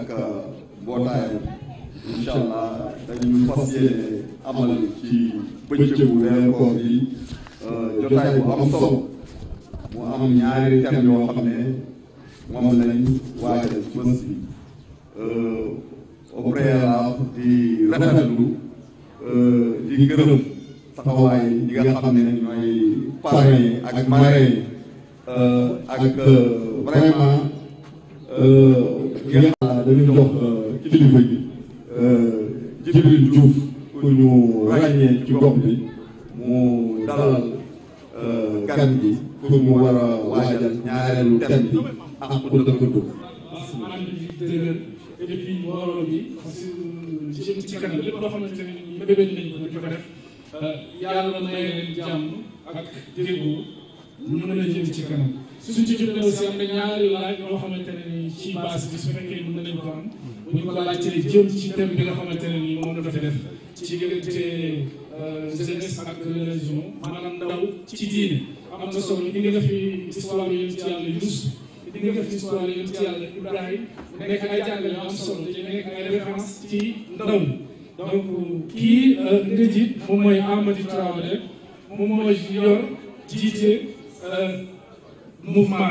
ak euh, mbootaayam incha allah dañu fas yéene amal ci bëccëgu weeru koor bi euh, jotaay bu am solo mu am ñaari thèmes yoo xam ne moom lañ waajal ci bés bi euh, au préalable di rafetlu di gërëm taxawaay yi nga ne ñooy parrain ak marraine ak vraiment ngeen dañu jox euh, kilifa yi euh, Jibril Diouf ku ñu ràññee ci gox bi mu dalal euh, gan bi pour mu war waajal ñaareelu thème bi ak ku dëkkandoo et puis mbooloo bi parce que ci kanam su su ci jotee aussi am na ñaari laaj yoo xamante ne nii ci base bi su fekkee mën nañu ko am bu ñu ko laajtee jëm ci thème bi nga xamante ne nii moom la dafa def ci diggante euh, jeunesse ak religion maanaam ndaw ci diine am na solo indi nga fi histoire yi ci yàlla Yunus di nga def histoire yi ci yàlla Ibrahima nekk ay jàngale am solo te nekk ay référence ci ndaw donc kii euh, nga jiit moom mooy Amady Traoré moom mooy yor jiite euh, mouvement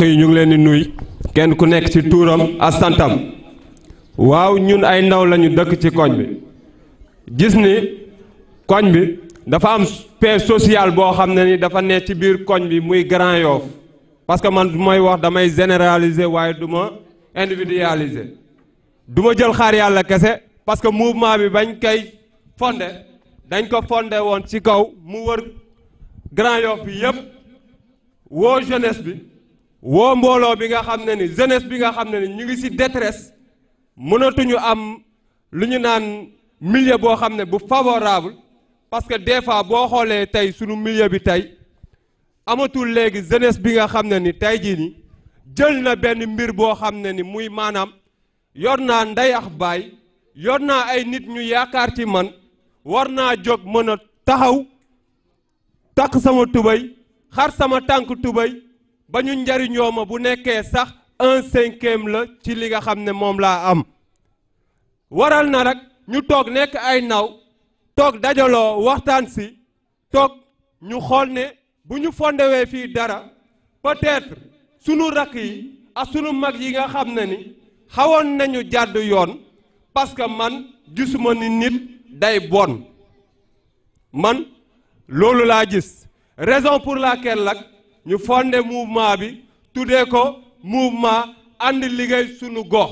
yi ñu ci leen di nuy kenn ku nekk ci tuuram ak santam waaw ñun ay ndaw lañu dëkk ci koñ bi gis ni koñ bi dafa am paix social boo xam ne ni dafa ne ci biir koñ bi muy Grand Yoff parce que man du may wax damay généraliser waaye du ma individualiser du jël xaar yàlla kese parce que mouvement bi bañ kay fondé dañ ko fondé woon ci kaw mu wër Grand Yoff bi yëpp woo jeunesse bi woo mbooloo bi nga xam ne ni jeunesse bi nga xam ne ni ñu ngi ci détresse mënatuñu am lu ñu naan millier boo xam ne bu favorable parce que des fois boo xoolee tey sunu milieu bi tey amatul léegi jeunesse bi nga xam ne ni tey jii ni jël na benn mbir boo xam ne ni muy maanaam yor naa ndey ak baay yor naa ay nit ñu yaakaar ci man war naa jóg mën a taxaw takk sama tubay xar sama tànk tubay ba ñu njariñoo ma bu nekkee sax un cinquième la ci li nga xam ne moom laa am waral na rek ñu toog nekk ay naw toog dajaloo waxtaan si toog ñu xool ne bu ñu fondewee fii dara peut sunu rakk yi ak sunu mag yi nga xam ne ni xawoon nañu jàdd yoon parce que man gisuma ni nit day bon man loolu laa gis raison pour laquelle nag ñu fonde mouvement bi tuddee ko mouvement ànd liggéey sunu gox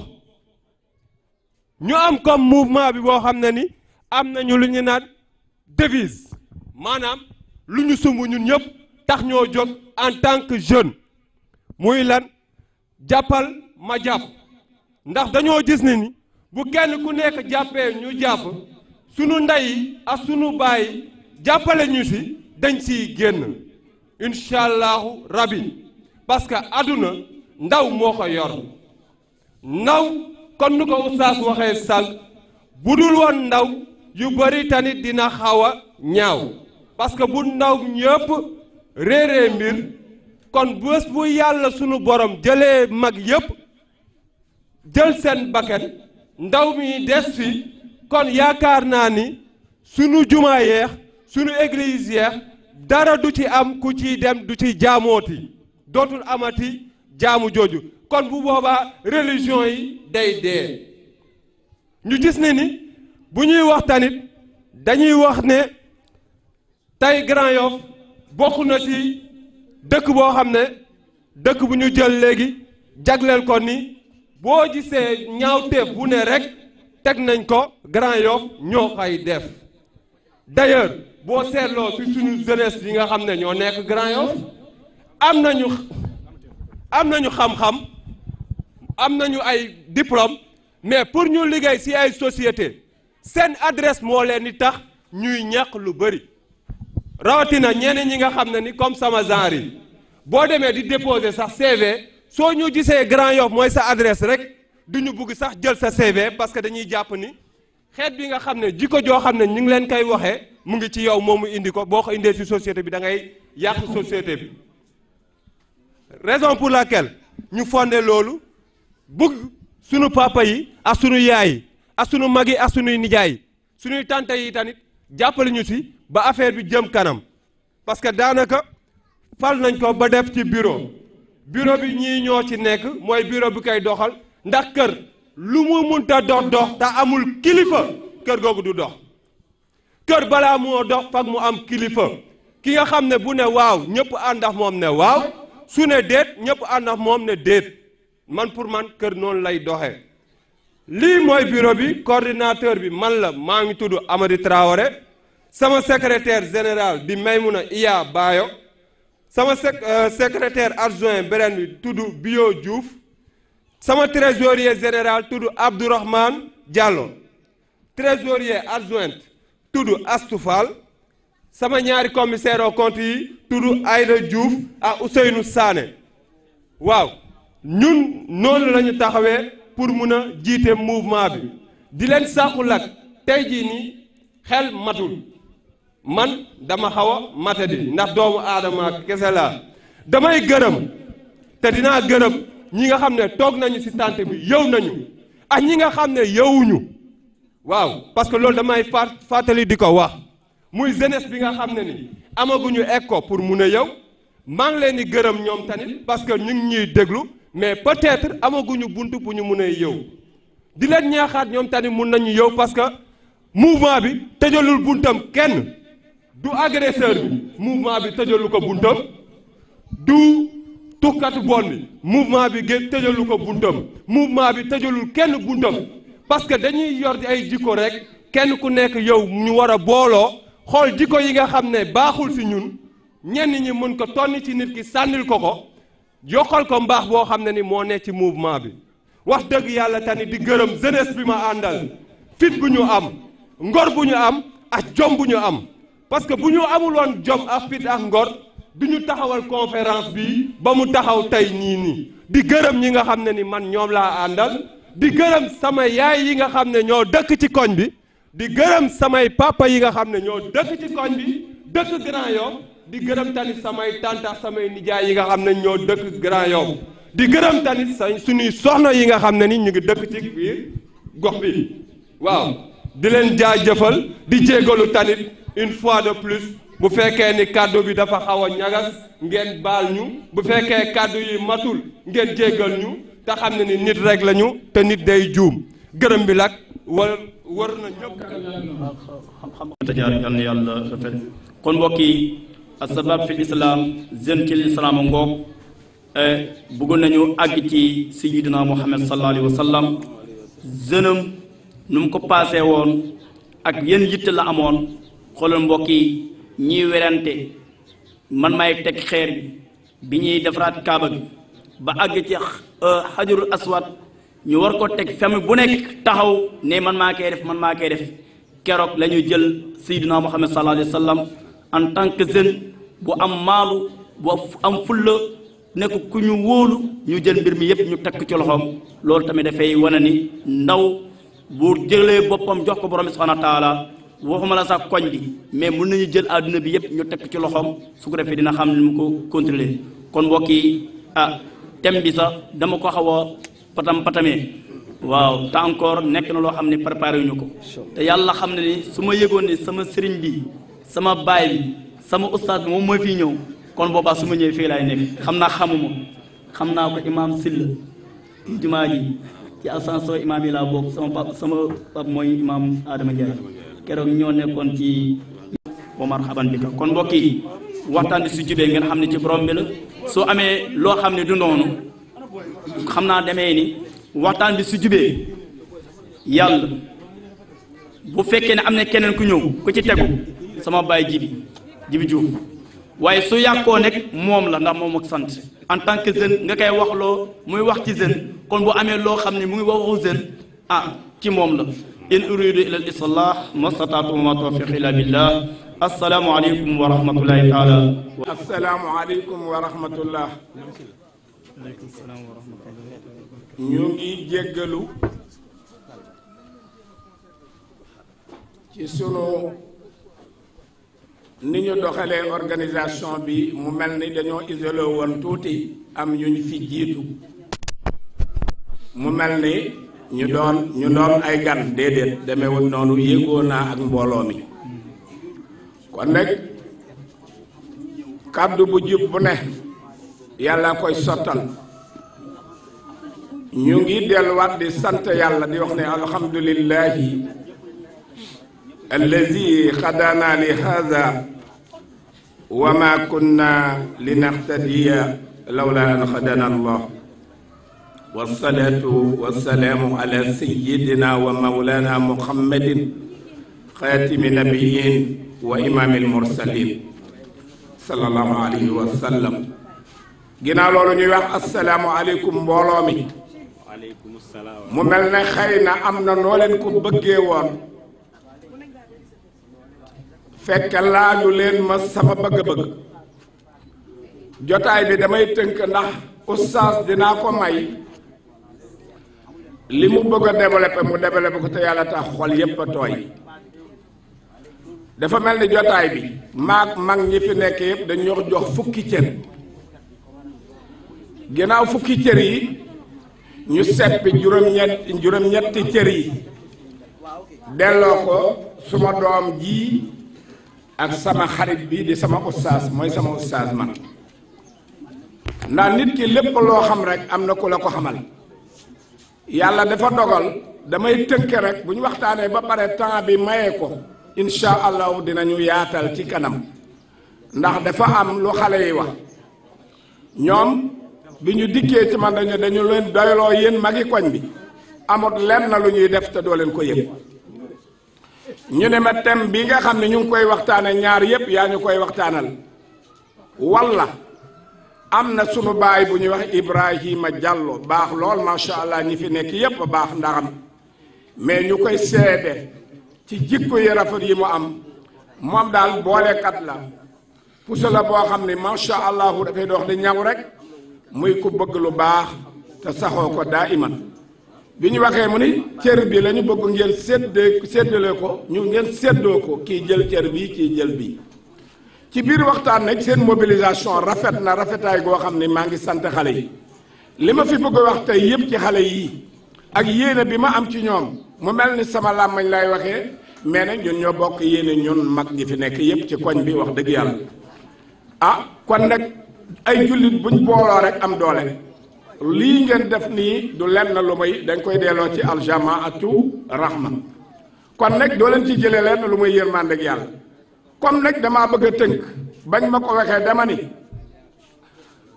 ñu am comme mouvement bi boo xam ne ni am nañu lu ñu naan devise maanaam lu ñu sumb ñun ñëpp tax ñoo jóg en tant que jeune muy lan jàppal ma jàpp ndax dañoo gis ne ni bu kenn ku nekk jàppee ñu jàpp sunu ndey ak sunu baay jàppale ñu si dañ siy génn incha allahu rabi parce que àdduna ndaw moo ko yor ndaw kon nu ko oustaz waxee sànq bu dul woon ndaw yu bari tanit dina xaw a ñaaw parce que bu ndaw ñëpp réeree mbir kon bés bu yàlla sunu borom jëlee mag yëpp jël seen bakkan ndaw mi des fi kon yaakaar naa ni sunu jumaa yeex sunu église yeex dara du ci am ku ci dem du ci jaamooti dootul amati jaamu jooju kon bu booba religion yi day dee ñu gis ne ni bu ñuy wax tamit dañuy wax ne tey Grand Yoff bokk na ci dëkk boo xam ne dëkk bu ñu jël léegi jagleel ko ni boo gisee ñaawteef wu ne rek teg nañ ko Grand Yoff ñoo xay def d'ailleurs boo seetloo ci suñu jeunesse yi nga xam ne ñoo nekk Grand Yoff am nañu am nañu xam-xam am nañu ay diplôme mais pour ñu liggéey ci ay société seen adresse moo leen di tax ñuy ñàq lu bëri rawatina ñeneen ñi nga xam ne ni comme sama genre yi boo demee di déposer sax CV soo ñu gisee Grand Yoff mooy sa adresse rek du ñu bugg sax jël sa CV parce que dañuy jàpp ni xeet bi nga xam ne jikko joo xam ne ñu ngi leen koy waxee mu ngi ci yow moomu indi ko boo ko indee si société bi dangay ngay yàq société bi raison pour laquelle ñu fondé loolu bugg sunu papa yi ak sunu yaay yi ak sunu mag yi ak sunuy nijaay sunuy tante yi tanit jàppale ñu si ba affaire bi jëm kanam parce que daanaka fal nañ ko ba def ci bureau bureau bi ñii ñoo ci nekk mooy bureau bu koy doxal ndax kër lu mu mënta dox dox te amul kilifa kër googu du dox kër balaa moo dox fag mu am kilifa ki nga xam ne bu ne waaw ñëpp àndax moom ne waaw su ne déet ñëpp àndax moom ne déet man pour man kër noonu lay doxee lii mooy bureau bi coordinateur bi man la maa ngi tudd Amady Traoré sama secretaire général di Maymouna Iya Bayo sama sec euh, secrétaire adjoint beneen bi tudd Bio Diouf sama trésorier général tudd Abdourahmane Diallo trésorier adjointe tudd Astou Fall sama ñaari commissaire aux comptes yi tudd Aïda Diouf ak Ousseynou Sané waaw ñun noonu la taxawee. pour mun a jiite mouvement bi di leen sàqul ak tey jii nii xel matul man dama xaw a matadi ndax doomu aadama kese laa damay gërëm te dinaa gërëm ñi nga xam ne toog nañu ci tànt bi yow nañu ak ñi nga xam ne yowuñu waaw parce que loolu damay fat fàttali di ko wax muy jeunesse bi nga xam ne ni amaguñu école pour mun a yow maa ngi leen di gërëm ñoom tanit parce que ñu ñuy déglu mais peut-être amaguñu bunt bu ñu mun a yow di ñaaxaat ñoom tamit mun nañu yow parce que mouvement bi tëjalul buntam kenn du agresseur bi mouvement bi tëjalu ko buntam du tukkatu bon bi mouvement bi gën tëjalu ko buntam mouvement bi tëjalul kenn buntam parce que dañuy yor ay jikko rek kenn ku nekk yow ñu war a booloo xool jikko yi nga xam ne baaxul fi ñun ñenn ñi mën ko tonn ci nit ki sànnil ko ko yokkal ko mbaax boo xam ne ni moo nekk ci mouvement bi wax dëgg yàlla tani di gërëm jeunesse bi ma àndal fit bu ñu am ngor bu ñu am ak jom bu ñu am parce que bu ñu amul woon jom ak fit ak ngor du ñu taxawal conférence bi ba mu taxaw tey nii nii di gërëm ñi nga xam ne ni man ñoom laa àndal di gërëm sama yaay yi nga xam ne ñoo dëkk ci koñ bi di gërëm samay papa yi nga xam ne ñoo dëkk ci koñ bi dëkk Grand Yoff di gërëm tamit samay tanta samay nijaay yi nga xam ne ñoo dëkk Grand Yoff di gërëm tamit sa suñuy soxna yi nga xam ne ni ñu ngi dëkk ci biir gox bi waaw di leen jëfal di jégalu tamit une fois de plus bu fekkee ni kàddu bi dafa xaw a ñagas ngeen baal ñu bu fekkee kàddu yi matul ngeen jéggal ñu te xam ne nit rek lañu te nit day juum gërëm bi nag war war na ñëpp. xam-xam yàlla rafet asbab fil islam zen ci lislaam ngoog eh, bëggoon nañu àgg ci sayyidina muhammad sallallahu alayhi wa sallam zënam nu mu ko paasee woon ak yenn yitte la amoon xoolal mbokk yi ñiy werante man maay teg xeer bi bi ñuy defaraat kaaba bi ba àgg ci xajarul eh, aswad ñu war ko teg famille bu nekk taxaw ne man maa koy def man maa koy def keroog la ñu jël sayyidina muhammad sallallahu alayhi wa sallam en tant que jeune bu am maalu bu am fulla nekk ku ñu wóolu ñu jël mbir mi yëpp ñu tekk ci loxoom loolu tamit dafay wane ni ndaw buur jëlee boppam jox ko borom bi subhanahu wa taala waxuma la sax koñ bi mais mun nañu jël àdduna bi yëpp ñu tekk ci loxoom su ko defee dina xam ne mu ko contrôler kon mbokk yi ah thème bi sax dama ko xaw a patam patamee waaw te encore nekk na loo xam ne préparé wuñu ko te yàlla xam ne ni su ma yëgoon ne sama sëriñ bi sama baay bi sama ustaas bi moom mooy fi ñëw kon boobaa su ma ñëwee fii laay nekk xam naa xamuma xam naa ko imaam Silla jumaa ji ci ascenseur imaam yi laa bokk sama pap sama pap mooy imaam Adama Ndiaye keroog ñoo nekkoon ci wa marhaban bika kon mbokk yi waxtaan bi su jubee ngeen xam ne ci borom bi la soo amee loo xam ne du noonu xam naa demee ni waxtaan bi su jubee yàlla bu fekkee ne am na keneen ku ñëw ku ci tegu sama baay ji Jibi Diouf waaye su yàqoo nekk moom la ndax moom ak sant en tant que jeune nga koy waxloo muy wax ci jeune kon bu amee loo xam ne mu ngi waxu jeune ah ci moom la in uridu ila al islah mastataatu ma tawfiq illa billah assalaamu aleykum wa rahmatullahi taala aleykum wa ñu ngi jéggalu ci sunu ni ñu doxalee organisation bi mu mel ni dañoo isolé woon tuuti am ñu ñu fi jiitu mu mel ni ñu doon ñu doon ay gan déedéet demewul noonu yéegoo naa ak mbooloo mi kon nag kàddu bu jub bu ne yàlla koy sottal ñu ngi delluwaat di sant yàlla di wax ne alhamdulillahi الذي خدانا لهذا وما كنا لنهتدي لولا أن خدانا الله والصلاة والسلام على سيدنا ومولانا محمد خاتم النبيين وإمام المرسلين صلى الله عليه وسلم ginnaaw loolu ñuy wax asalaamualeykum mbooloo mi mu mel ne xëy na am na noo leen ko bëggee woon fekk laaju leen ma sama bëgg-bëgg jotaay bi damay tënk ndax oustaz dinaa ko may li mu bëgg a développé mu développé ko te yàlla tax xol yépp a tooy dafa mel ni jotaay bi maag mag ñi fi nekk yépp dañoo jox fukki cër ginnaaw fukki cër yi ñu seppi juróom-ñett juróom-ñetti cër yi delloo ko suma doom ji ak sama xarit bi di sama ustaas mooy sama ustaas man ndax nit ki lépp loo xam rek am na ku la ko xamal yàlla dafa dogal damay tënk rek bu ñu waxtaanee ba pare temps bi maye ko incha allahu dinañu yaatal ci kanam ndax dafa am lu xale yi wax ñoom bi ñu dikkee ci man dañu dañu leen doyloo yéen magi koñ bi amut lenn lu ñuy def te doo leen ko yëg ñu ne ma thème bi nga xam ne ñu ngi koy waxtaanal ñaar yépp yaa ñu koy waxtaanal walla am na sunu baay bu ñuy wax Ibrahima Diallo baax lool macha allah ñi fi nekk yépp baax ndaxam mais ñu koy seede ci jikko yi rafet yi mu am moom daal boolekat la puso la boo xam ne macha allahu dafay dox di ñaw rek muy ku bëgg lu baax te saxoo ko daa iman bi ñu waxee mu ni cër bi la ñu bëgg ngeen séddee séddale ko ñu ngeen séddoo ko kii jël cër bi ci jël bi ci biir waxtaan nag seen mobilisation rafet na rafetaay goo xam ni maa ngi sant xale yi li ma fi bëgg a wax tey yépp ci xale yi ak yéene bi ma am ci ñoom mu mel ni sama làmmañ lay waxee mais nag ñun ñoo bokk yéene ñun mag ñi fi nekk yépp ci koñ bi wax dëgg yàlla ah kon nag ay jullit buñ booloo rek am doole lii ngeen def nii du lenn lu may dañ koy delloo ci aljamaatu rahma kon nag doo leen ci jëlee lenn lu may yërmande ak yàlla comme nag damaa bëgg a tënk bañ ma ko waxee dama ni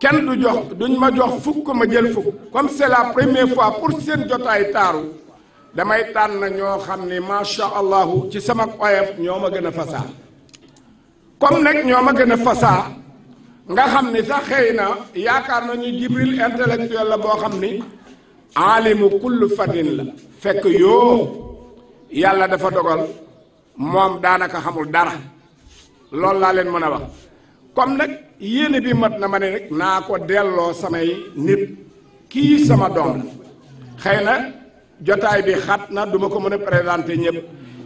kenn du jox duñ ma jox fukk ma jël fukk comme c'est la première fois pour seen jotaay taaru damay tànn ñoo xam ni macha allahu ci sama oyof ñoo ma gën a fasaa comme nag ñoo ma gën a fasaa. nga xam ni sax xëy na yaakaar nañu jibril intellectuel la boo xam ni aalimu kullu fadin la fekk yoo yàlla dafa dogal moom daanaka xamul dara loolu laa leen mën a wax comme nag yéene bi mat na ma ne rek naa ko delloo samay nit kii sama doom la xëy na jotaay bi xat na duma ko mën a présenter ñëpp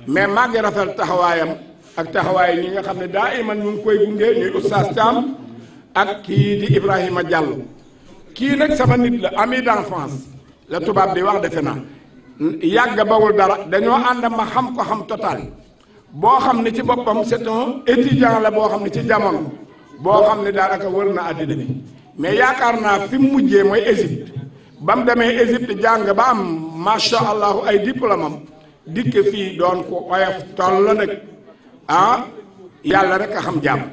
mais maa ngi taxawaayam ak taxawaay ñi nga xam ne daa iman ñu koy gunge ñuy oustaz Thiam ak kii di Ibrahima jàll kii nag sama nit la ami d'enfance la tubaab bi wax defe naa yàgg bawul dara dañoo ànd ma xam ko xam total boo xam ne ci boppam c'est un la boo xam ne ci jamono boo xam ne daanaka wër na àddina bi mais yaakaar naa fi mu mujjee mooy Égypte ba mu demee Égypte jàng ba am macha allah ay diplôme am dikk fii doon ko oyof toll la nag ah yàlla rek a xam jàmm.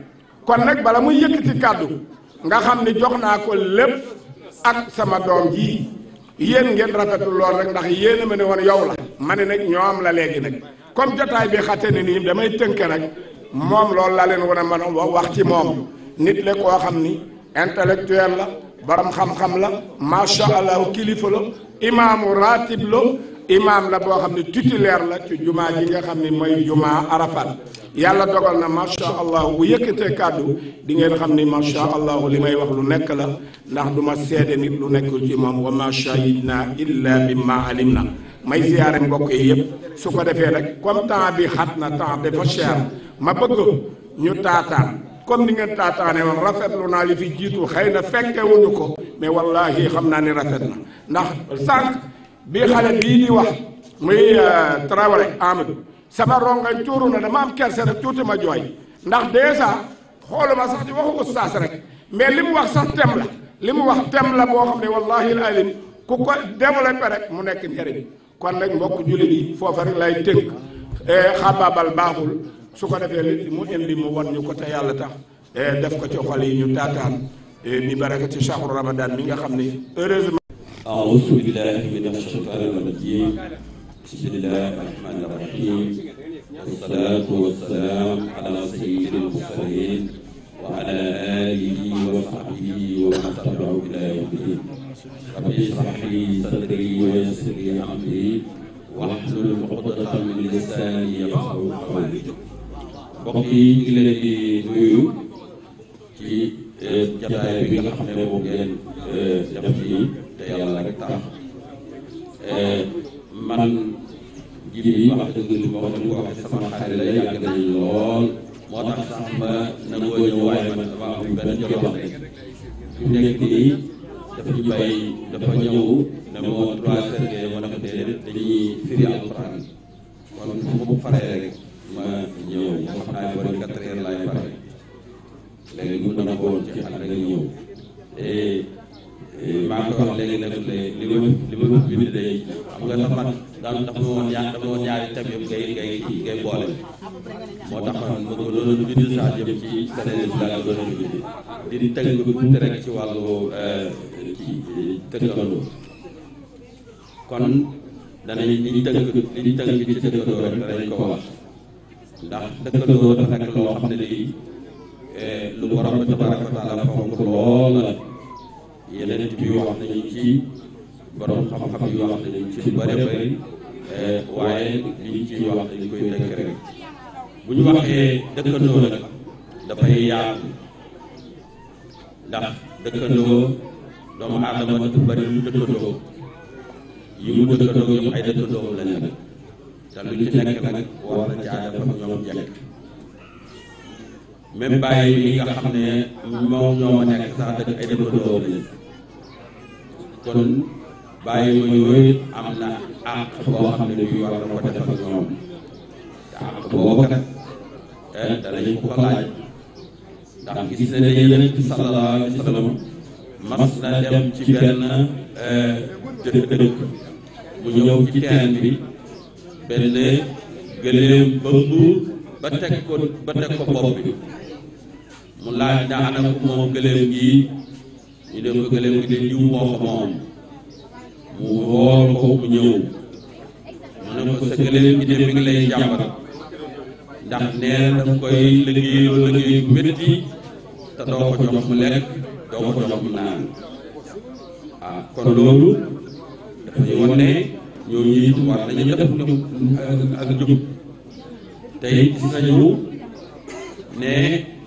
kon nag bala muy yëkkati kàddu nga xam ni jox naa ko lépp ak sama doom ji yéen ngeen rafetul lool rek ndax yéen a ma ne woon yow la ma ne nag ñoom la léegi nag comme jotaay bi xate ne nii damay tënk rek moom loolu laa leen war a mën a wax ci moom nit la koo xam ni intellectuel la boroom xam-xam la macha allah kilifa la imaamu ratib la imaam la boo xam ne titulaire la ci jumaa ji nga xam ne mooy jumaa Arafat yàlla dogal na macha allah bu yëkkatee kàddu di ngeen xam ni macha allah li may wax lu nekk la ndax du ma seede nit lu nekkul ci moom wa ma shahidna illa bima alim na may ziyaare mbokk yi su ko defee nag comme temps bi xat na temps dafa cher ma bëgg ñu taataan. comme ni ngeen taataane woon rafetlu naa li fi jiitu xëy na fekke wuñu ko mais wallahi xam naa ni ra bi xale bii di wax muy euh, Traoré Amadou sama rongañ tuuru na dama am kerse rek tuuti ma jooy ndax dèjà xooluma sax di waxu ustaas rek mais li mu wax sax tem la li mu wax tem la boo xam ne wallahi alim ku ko développé rek mu nekk njëriñ kon nag mbokk jullit yi foofa rek lay tënk eh, xabaabal baaxul su ko defee li mu indi mu won ñu ko te yàlla tax eh, def ko ci xol yi ñu taataan bi eh, barakati shahru ramadan mi nga xam ne heureusement أعوذ بالله من الشيطان الرجيم بسم الله الرحمن الرحيم والصلاة والسلام على سيد المرسلين وعلى آله وصحبه ومن تبعه إلى يوم الدين رب اشرح لي صدري ويسر لي أمري واحلل عقدة من لساني يفقهوا قولي mbokk yi ñu ngi leen di nuyu ci jataay bi nga xam ne moom ngeen def nii te yàlla rek tax eh, man ji bi wax dëgg li ma sama xarit la yàgg nañu lool moo tax sax ma nangoo ñëw waaye man dafa am benn jot wax nekk nii dafa ñu bay dafa ñëw ne moo trois heures ma dafa déedéet dañuy firi alxuraan kon fu mu rek ma ñëw wax naa bari quatre heures laay pare mun na ko ci ak rek ñëw eh, Eh, maa ngi ko wax léegi nag li ma li ma bind day xam nga sax man daal dafa ma woon ñaar dafa ma woon ñaari thèmes yëpp ngay ngay ngay boole moo tax man ma gënoon a bind sax jëm ci beneen bi laa gënoon a bind di tënk tuuti rek ci wàllu eh, ci eh, tëkkandoo kon danañ liñ tënk liñ tënk ci tëkkandoo rek danañ ko wax ndax tëkkandoo dafa nekk loo xam ne lii lu borom tabaraka taala fonk lool la yeneen bi yoo xam ne ñu ci borom xam-xam yoo xam ne ñu ci bëri bëri eh, waaye liñ ci wax dañ koy tënk rek bu ñu waxee dëkkandoo nag dafay yaatu ndax dëkkandoo doomu aadama dafa bëri lu dëkkandoo yi mu dëkkandoo ñoom ay dëkkandoo la nekk te lu ci nekk nag war na caa def ñoom jekk même bàyyi mi nga xam ne moom ñoo ma nekk sax dëkk ay dëkkandoo lañu kon bàyyi ma yooyu am na àq boo xam ne bii war na ko def ak ñoom te àq boobu kat eh, danañ ko ko laaj ndax gis na ne Yonent bi sallallahu alayhi wa sallam mas na dem ci benn eh, dëkk mu ñëw ci teen bi benn gëléem ba teg ba teg ko bopp bi mu laaj daanaka moom gëléem yi ñu dem ba gëlëm gi dañ ñëw woo ko moom mu woo ko mu ñëw ma ne ko sa gëlëm gi de mi ngi lay jàmbat ndax nee na daf koy liggéeyoo liggéey bu métti te doo ko jox mu lekk doo ko jox mu naan ah, kon loolu dafa ñu wane ñooñu it war nañu def ak jub tey gis nañu ne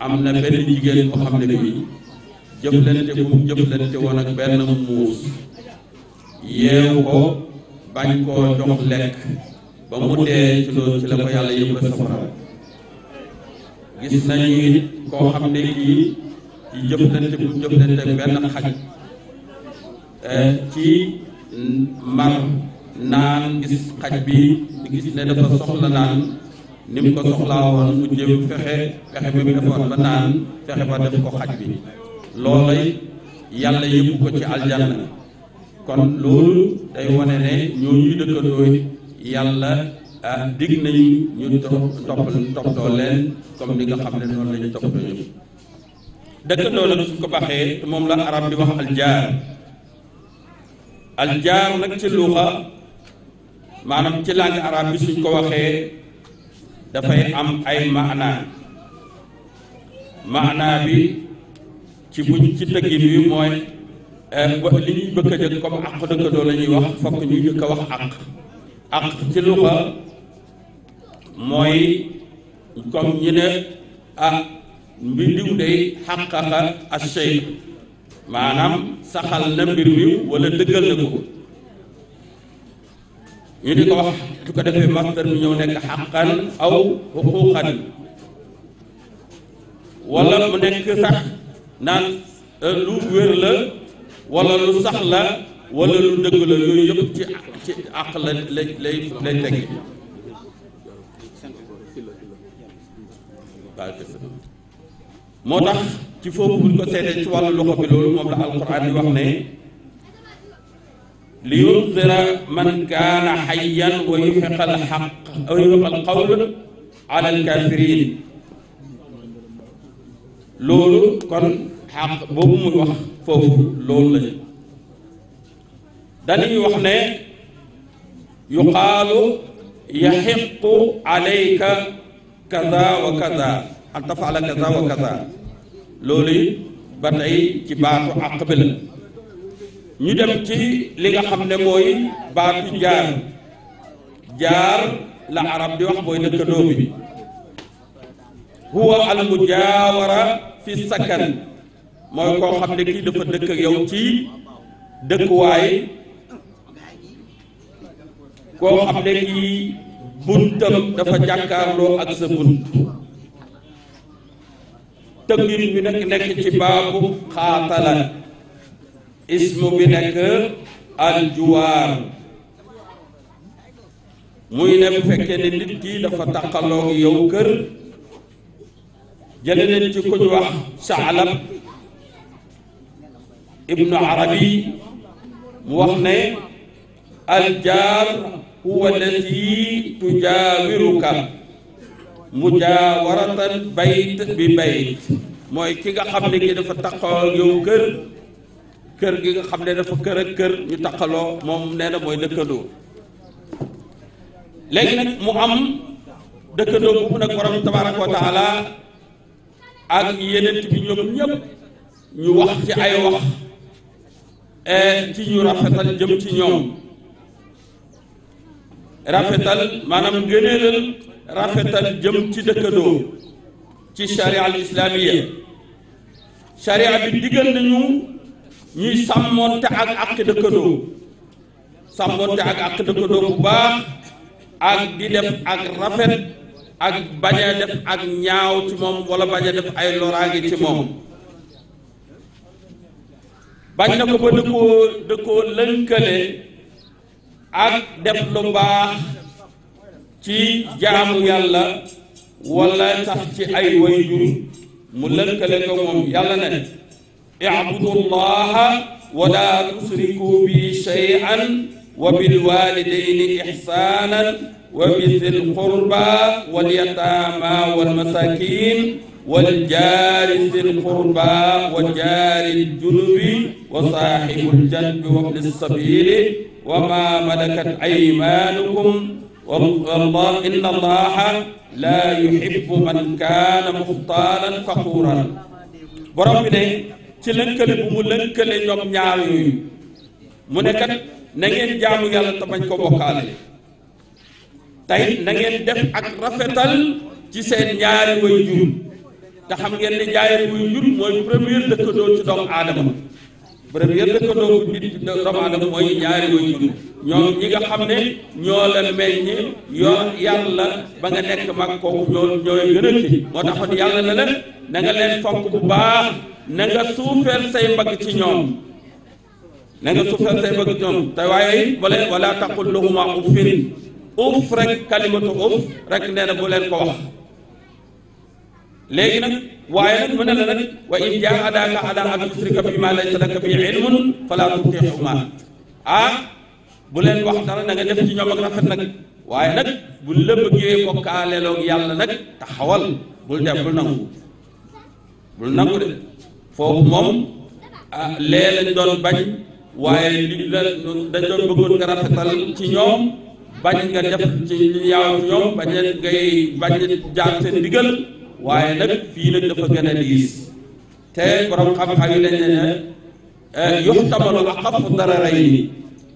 am na benn jigéen boo xam ne bii. jëflante bu jëflante woon ak benn muus yeewu ko bañ koo jox lekk ba mu dee ci loolu ci la ko yàlla yëpp safara gis nañu it koo xam ne kii ci jëflante bu jëflante ak benn eh, bi gis ne dafa soxla naan ni mu ko soxlaa woon mu jéem fexe fexe bi mu defoon ba naan fexe ba def ko xaj bi loolay yàlla yóbbu ko ci aljanna kon loolu day wane ne ñooñuy dëkkandoo yàlla digg nañu ñu topp toppatoo leen comme ni nga xam ne noonu lañu toppatoo ñëpp dëkkandoo la suñ ko baxee te moom la arab di wax aljaar aljaar nag ci luuxa maanaam ci langue arab bi suñ ko waxee dafay am ay maanaa maanaa bi ci buñ ci tëggin wi mooy eh, li ñuy bëgg a jëkk comme àq dëkkandoo la ñuy wax fokk ñu jëkk a wax àq àq ci luxa mooy comme ñu ne ak ah, mbir diw day mi wala dëggal na ko ñu di ko wax su ko defee master bi ñëw nekk xaqan aw xuquqan wala mu nekk sax naan euh, lu wér la wala lu sax la wala lu dëgg la yooyu yëpp ci ci àq la lay lay lay teg moo tax ci foofu buñ ko seetee ci wàllu loxo bi loolu moom la alquran yi wax ne li yundira man kaana xayyan wa yuxiqa alxaq wa yuxiqa alqawl ala alkafirin loolu kon xàq boobu muy wax foofu loolu lañu dañuy wax ne yuqaalu yaxiqu alayka kaza wa kaza an tafaala kaza wa kaza loolu it ba tey ci baatu àq bi la ñu dem ci li nga xam ne mooy baatu jaar jaar la arab di wax mooy dëkkandoo bi huwa al mujaawara fi sakkan mooy koo xam ne kii dafa dëkk ak yow ci dëkkuwaay koo xam ne kii buntam dafa jàkkaarloo ak sa bunt tëggin bi nekk nekk ci baabu xaatala ismu bi nekk aljuwaar muy ne bu fekkee ne nit kii dafa taqaloo yow kër jële leen ci ku ñu wax saalab ibnu arabi mu wax ne aljaar huwa allati tujaawiruka mujaawaratan bayt bi bayt mooy ki nga xam ne ki dafa taqoo yow kër kër gi nga xam ne dafa kër kër ñu taqaloo moom nee na mooy dëkkandoo léegi nag mu am dëkkandoo boobu nag borom tabaraka wa taala ak yeneen bi ñoom ñëpp ñu wax ci ay wax eh, ci ñu rafetal jëm ci ñoom rafetal maanaam ngëneelal rafetal jëm ci dëkkandoo ci sharia al islaamiya sharia bi digal nañu ñuy sàmmoonte ak ak dëkkandoo sàmmoonte ak bu baax ak di def ak rafet ak bañ a def ak ñaaw ci moom wala bañ def ay loraange ci moom bañ na ko ba da koo da koo lënkale ak def lu mbaax ci jaamu yàlla wala tax ci ay wayjur mu lënkale ko moom yàlla ne ibudullaha wala tusriku bi shay'an wa bil walidayni ihsanan وبذي القربى واليتامى والمساكين والجار ذي القربى والجار الجنب وصاحب الجنب وابن السبيل وما ملكت أيمانكم والله إن الله لا يحب من كان مختالا فخورا borom bi ne ci lëkkale bu mu lëkkale ñoom ñaar yooyu mu ne kat na ngeen jaamu yàlla te bañ ko bokkaale tey na ngeen def ak rafetal ci seen ñaari way jur te xam ngeen ne ñaari way jur mooy première dëkkandoo ci doomu aadama première dëkkandoo bi doomu aadama mooy ñaari way jur ñoom ñi nga xam ne ñoo la meññ yoon yàlla ba nga nekk mag kooku ñoo ñooy gën a ci moo taxoon yàlla na la na nga leen fonk bu baax na nga suufeel say mbagg ci ñoom na nga suufeel say mbagg ci ñoom te waaye wala wala taqul lahuma uffin uf rek kalimatu uf rek nee na bu leen ko wax léegi nag waaye nag mu na la nag wa in jaahadaaka alaa an tushrika bimaa laysa laka bihi ilmun falaa tutiihumaa ah bu leen wax dara na def ci ñoom ak rafet nag waaye nag bu la bëggee bokkaaleloog yàlla nag taxawal bul def bul nangu bul nangu de foofu moom ah, lee lañ doon bañ waaye li la dañ doon bëggoon nga rafetal ci ñoom bañ nga def ci yaaw ñoom bañ ngay bañ jaar seen ndigal waaye nag fii nag dafa gën a diis te borom xam-xam yi dañ ne eh, yuxtamalu aqafu dararayni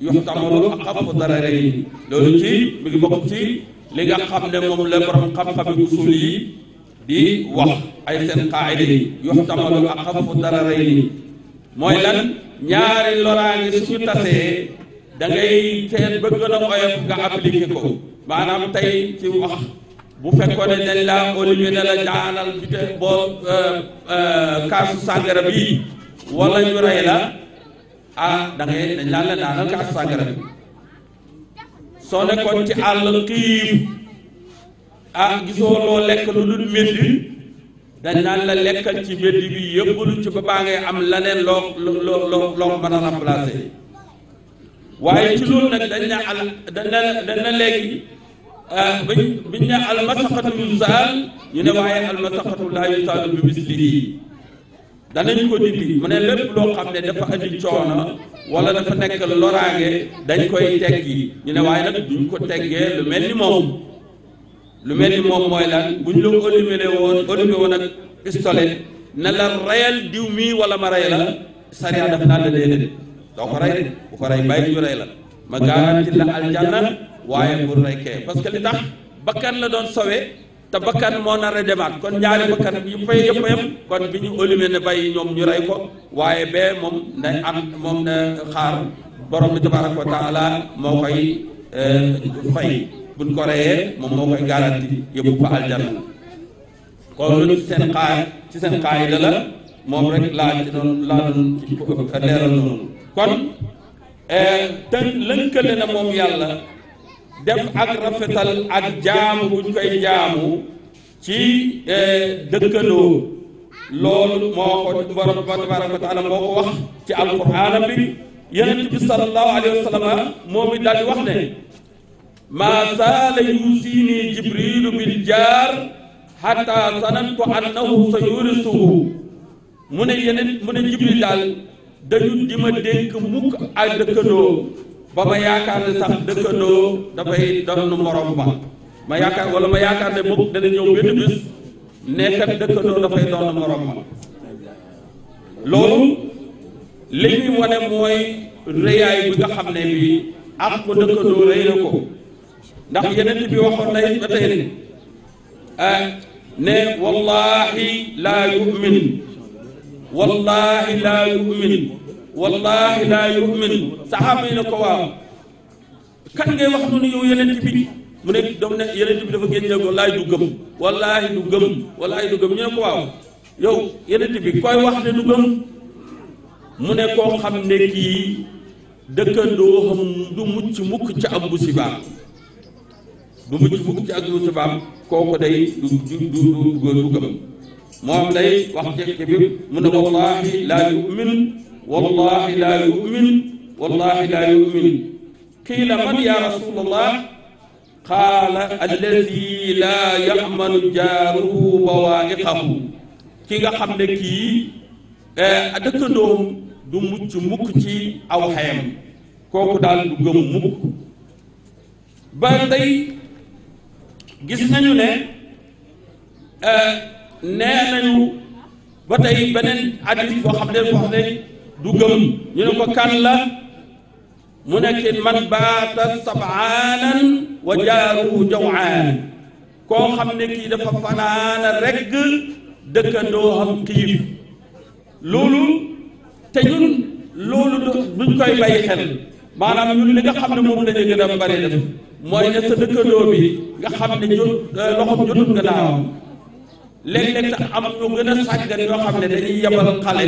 yuxtamalu aqafu dararayni loolu ci mi ngi bokk ci li nga xam ne moom la borom xam-xami usul yi di wax ay seen qaayida yi yuxtamalu aqafu dararayni mooy lan ñaari loraange suñu tasee da ngay seet bëgg na oyof nga appliqué ko maanaam tey ci wax bu fekkoon ne dañ la au lieu de la jaanal bi te euh, euh, kaasu sàngara bi wala ñu rey la ah da dañ laan la naanal kaasu sàngara bi soo nekkoon ci àll xiif ah gisoo loo lekk lu dul métti dañ naan la lekkal ci métti bi yëpp lu ci ba baa ngay am leneen loo loo loo loo mën a remplacer waaye ci loolu nag dañ ne al dañ na léegi ah, bañ biñ ne almasaxatu yuzaal ñu ne waaye almasaxatu laa yuzaalu bi mislihi danañ ko dindi mu ne lépp loo xam ne dafa andi coono wala dafa nekk loraange dañ koy teggi ñu ne waaye nag duñ ko teggee lu mel ni moom lu mel ni moom mooy lan buñ la allumé woon allumé woon ak pistolet ne la reyal diw mii wala ma rey la sariya daf naa la déedéet doo ko rey bu ko rey bàyyi ñu rey la ma garanti la aljanna waaye bu rey kee parce que li tax bakkan la doon sowee te bakkan moo na a demaat kon ñaari bakkan yu fay yëpp yëpp kon bi ñu ólime ne bàyyi ñoom ñu ko waaye moom na moom na xaar borom bi tabaraka wa taala moo koy euh, fay buñ ko reyee moom moo koy garanti yóbbu ko aljanna kon loolu seen xaar ci seen xaayida la moom rek laa ci doon laa doon leeral noonu kon eh, te lënkale na moom yàlla def ak rafetal ak jaamu bu ñu koy jaamu ci eh, dëkkandoo loolu moo ko borom tabaraka wa taala moo ko wax ci alquraan bi yonent bi sallallahu alayhi wa sallam moom it daal di wax ne maa saala yusiini jibrilu bil jaar xatta sanantu annahu sa yurisuhu mu ne yeneen mu ne jibril daal dañu di ma dénk mukk ak dëkkandoo ba ma yaakaar ne sax dëkkandoo dafay doon morom ba ma yaakaar wala ma yaakaar ne mukk dana ñëw benn bis nekkat dëkkandoo dafay doon morom ma loolu li muy wane mooy rëyaay bi nga xam ne bii ak ko dëkkandoo rëy na ko ndax yeneen bi waxoon na ba tey ah, ne wallaahi laa yu'min wallaahi laa yu'min wallaahi laa yu'min saxaaba yi ne ko waaw kan ngay wax noonu yow yonent bi mu ne doom ne yonent bi dafa génn ne wallaahi du gëm wallaahi du gëm wallaahi du gëm ñu ne ko waaw yow yonent bi koy wax ne du gëm mu ne koo xam ne kii dëkkandoo xam du mucc mukk ci ab musibaam du mucc mukk ci ab musibaam kooku day du du du du gëm moom day wax jëkk bi mu ne wallahi wallahi laa yumin wallahi laa yumin qiila man ya rasulallah qaala alladi laa yamanu jaaruhu bawaa'iqahu ki nga xam ne kii eh, dëkkandoom du mucc mukk aw xayam kooku daal du gëm mukk ba tey gis nañu ne eh, nee nañu ba tey beneen hadis boo xam ne wax ne du gëm ñu ne ko kan la mu nekk man baata sabaanan wa jaaruhu jawaan koo xam ne kii dafa fanaana rekk dëkkandoo am xiif loolu te ñun loolu duñ koy bàyyi xel maanaam ñun li nga xam ne moom lañu gën a bari def mooy ne sa dëkkandoo bi nga xam ne jot loxom jotut nga naawam léeg-léeg sax am ñu gën a sàggan yoo xam ne dañuy yebal xale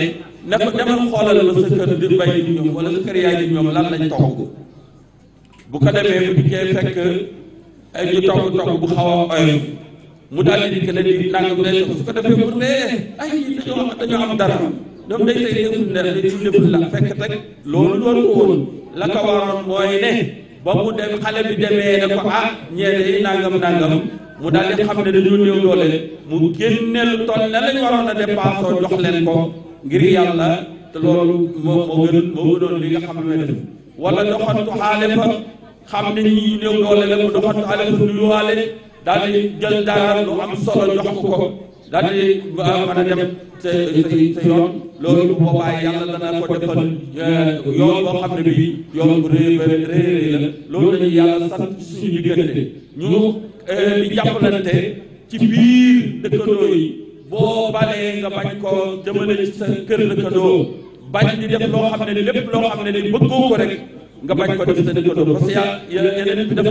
ne ko demal xoolal ma sa kër di mbay di ñoom wala sa kër yaay di ñoom lan lañ togg bu ko demee bu a oyof mu di dikk ne di nangam lay su ay dañoo am dara ñoom day tey deful ne dañuy deful la fekk rek loolu loolu woon la ko waroon mooy ne ba mu dem xale bi demee ne ko ah ñeene yi nangam nangam mu daal di xam ne dañoo néew doole mu génneel toll ne lañ waroon a dépassoo jox leen ko ngir yàlla te loolu moo moo gën moo gënoon li nga xam ne def wala doxantu xaale fa xam ne ñi néew doole la mu doxantu xaale fa nuyuwaale daal di jël dara lu am solo jox ko ko daal di a dem sa sa yoon loolu boobaa yàlla dana ko defal euh, yoon boo xam ne bii yoon bu rëy rëy la loolu dañuy yàlla sant suñu diggante ñu. Euh, di jàppalante ci biir dëkkandoo yi boo balee nga bañ koo jëmale ci sa kër dëkkandoo bañ di def loo xam ne ni lépp loo xam ne ni bëggoo ko rek nga bañ ko def sa dëkkandoo parce que yaa yeneen bi def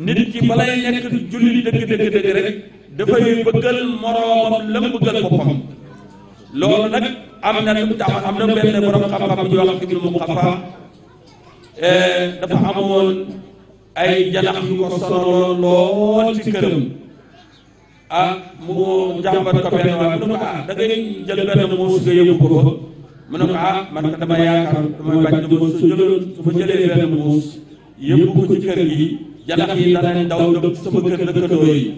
ne nit ki balay nekk julli dëgg dëgg dëgg rek dafay bëggal moroomam la mu bëggal boppam loolu nag am na am na benn borom xam-xam bu ñuy wax ibnu muqafa euh, dafa amoon ay janax yu ko sonaloon lool ci këram ah mu njàmbat ko benn waaye mu ne ko ah da jël benn muus nga yóbbu ko fa mu ne ko ah man dama damay bañ ne ma su su ma kër gi janax yi danañ yi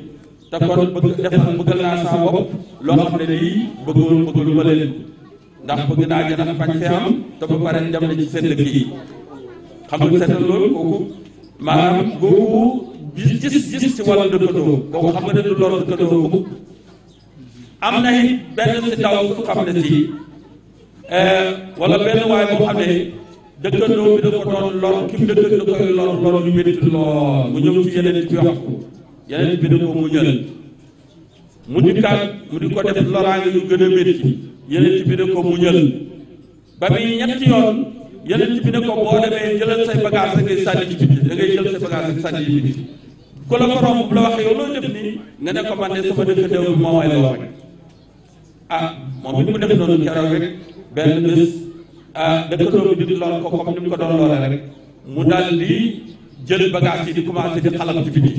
te kon bëgg defal bëgg naa saa bopp loo xam ne lii bëggoon bëggul ma leen ndax bëgg naa janax bañ fee am te ba pare dem na ci seen dëkk yi xam nga seetal loolu kooku maanaam boobu gis gis ci wàllu dëkkandoo boo xam nga ne dëkkandoo am na it benn si ndaw su xam ne si eh, wala benn waay boo xam ne dëkkandoo bi da ko doon lor ki mu dëkk koy lor lor lu métti lool mu ñëw ci yeneen bi wax ko yeneen bi da ko mu ñël mu di ko def loraange yu gën a métti yeneen bi da ko mu ba muy ñetti yoon yeneen bi ne ko boo demee jëlal say bagage rek ngay sànni ci biti da ngay jël say bagage rek sànni ci biti ku la ko bu la waxee yow loo def nii nga ne ko man de sama dëkk déw bi moo may loo rek ah moom bi mu def rek benn bés ah dëkkandoo di lool ko comme ni ko doon loolee rek mu daal di jël bagage yi di commencé di xalam ci biti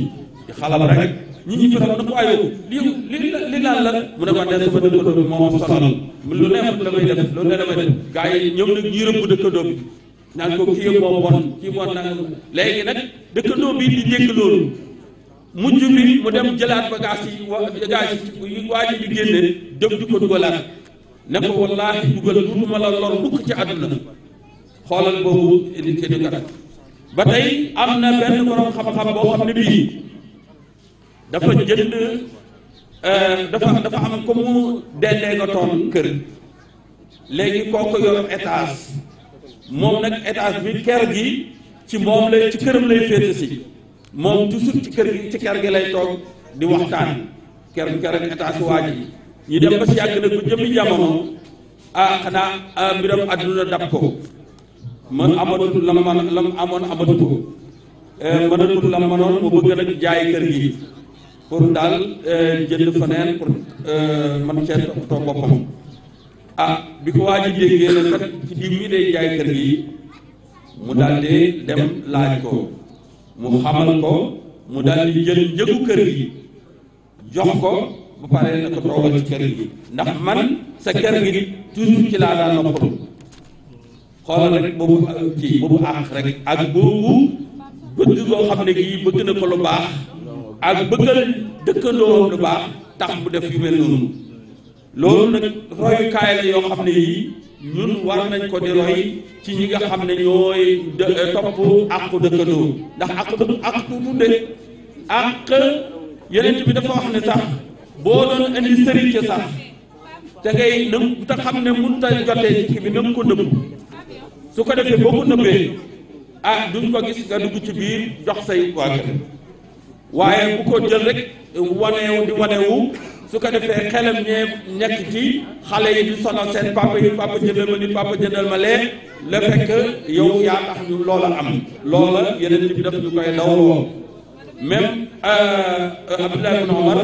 di xalam rek ñi ñi fa na ko ayoo li li li lan la mu ne ko def sama dëkkandoo bi moo a sonal lu neex damay def lu damay def gars yi ñoom nag ñi rëbb dëkkandoo bi naan ko kii moo bon kii moo naan léegi nag dëkkandoo bi di dégg loolu mujj bi mu dem jëlaat bagage yi wa bagage yi waa ji di génne jóg di ko dugalaat ne ko wallaahi dugal dutuma la lor mukk ci àdduna xoolal boobu indi ci ba tey am na benn borom xam-xam boo xam ne bii dafa jënd euh, dafa dafa am ku mu déléguatoon kër léegi kooku yor étage moom nag étage bi kër gi ci moom lay ci këram lay féete si moom toujours ci kër gi ci kër gi lay toog di waxtaan kër kër ak étage waa ji ñu dem ba si yàgg nag bu jëmi jamono ah xanaa ah, mbiram àdduna dab ko man amatul la man lam amoon amatul ko eh, mënatul la mënoon mu bëgg nag jaay kër gi pour daal eh, jënd feneen pour eh, man cee toog boppam ah bi ko waa ji na kat ci diw mi day jaay kër gi mu daal di dem laaj ko mu xamal ko mu daal di jël kër gi jox ko ba pare na ko toogal ci kër gi ndax man sa kër gi toujours ci laa daan noppalu xoolal rek boobu ci boobu àq rek ak boobu bëgg koo xam ne gii bëgg na ko lu baax ak bëggal dëkkandoom lu baax tax mu def yu mel noonu loolu nag royukaay la yoo xam ne yii ñun war nañ ko di roy ci ñi nga xam ne ñooy eh, topp àqu dëkkandoo ndax àq àq du dunde àq yeneen bi dafa wax ne sax boo doon indi sëriñ ci sax te ngay nëm te xam ne mun ta jotee ci bi nëm ko nëbb su ko defee boo ko nëbbee ah duñ ko gis nga dugg ci biir jox say waa waaye bu ko jël rek waneewu di waneewu su ko defee xelam ñee ñekk ci xale yi di sonal seen papa yi papa jëndal ma ni papa jëndal ma lee la fekk yow yaa tax ñu loola am loola yeneen bi def ñu koy dawloo même euh, euh, Abdullah ibn Omar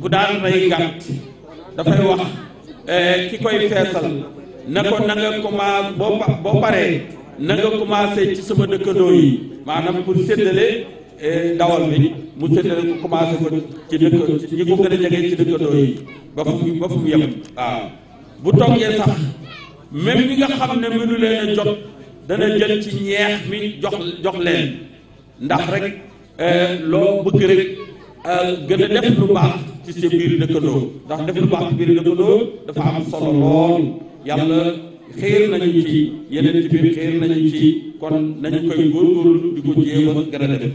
bu daan rey ngàtt dafay wax euh, ki koy feesal na ko na nga commencé boo paree na nga ci sama dëkkandoo yi maanaam pour séddale Eh, dawal bi mu séddale ko commencé ko ci dëkk ñi ko gën a jege ci dëkkandoo yi ba fu ba fu yem waaw bu toggee sax même bi nga xam ne mënu leen a jot dana jël ci ñeex mi jox jox leen ndax rek eh, loo bëgg rek eh, gën a def lu baax ci sa biir dëkkandoo ndax def lu baax ci biir dëkkandoo dafa am solo lool yàlla xéer nañu ci yeneen ci biir xéer nañu ci kon nañu koy góorgóorlu di ko jéem a gën a def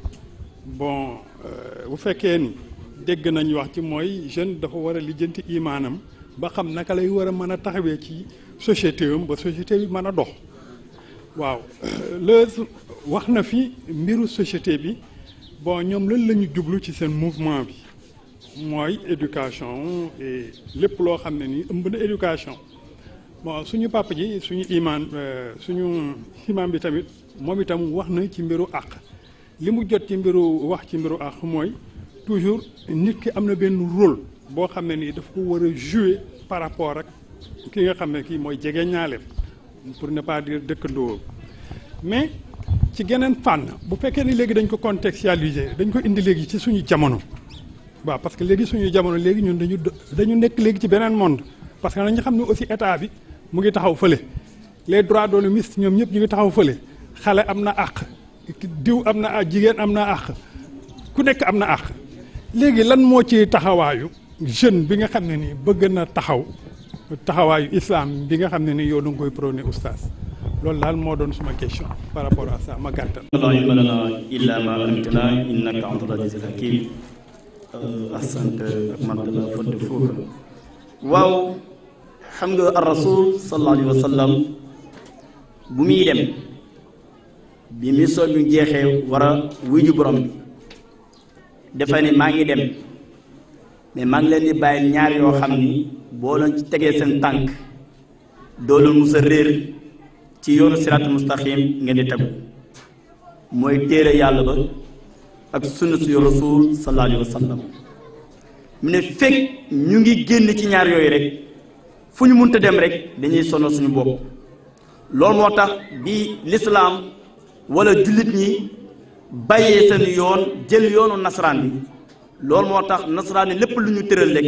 bon euh, bu fekkee ni dégg nañu wax ci mooy jeune dafa war a lijjanti imaanam ba xam naka lay war a mën a taxawee ci société am ba société bi mën a dox waaw euh, Leuz wax na fi mbiru société bi bon ñoom lan la ñu jublu ci seen mouvement bi mooy éducation et lépp loo xam ne nii ëmb na éducation bon suñu papa ji suñu imaan euh, suñu imaam bi tamit moom itam wax na ci mbiru àq li mu jot ci mbiru wax ci mbiru àq mooy toujours nit ki am na benn rôle boo xam ne nii dafa ko war a jouer par rapport ak ki nga xam ne kii mooy jege ñaaleem pour ne pas dire dëkkandoo mais ci geneen fànn bu fekkee ni léegi dañ ko contextualiser dañ ko indi léegi ci suñu jamono waa parce que léegi suñu jamono léegi ñun dañu dañu nekk léegi ci beneen monde parce que nañu xam ne aussi état bi mu ngi taxaw fële les droits de l'homme ñoom ñëpp ñu ngi taxaw fële xale am na àq diw am na jigéen am na àq ku nekk am na àq léegi lan moo ci taxawaayu jeune bi nga xam ne nii bëgg na taxaw taxawaayu islam bi nga xam ne nii yow da nga koy prôné oustaz loolu daal moo doon suma question par rapport à ça ma gàttal. laa ilma lanaa illaa maa allamtanaa innaka antal aziizul hakiim. Euh, sant man la waaw xam nga ar rasul sallallahu bu muy dem. bi mission bi jeexee war a wuyu borom bi dafa ne maa ngi dem mais maa ngi leen di bàyyil ñaar yoo xam ni boo leen ci tegee seen tànk doo leen mus réer ci yoonu siraatu mustaqim ngeen di tegu mooy téere yàlla ba ak sunna su rasul sallallahu alayhi mu ne fekk ñu ngi génn ci ñaar yooyu rek fu ñu mënta dem rek dañuy sonal suñu bopp loolu moo tax bi lislaam wala jullit ñi bàyyee seen yoon jël yoonu nasaraan bi loolu moo tax nasaraan yi lépp lu ñu tëral rek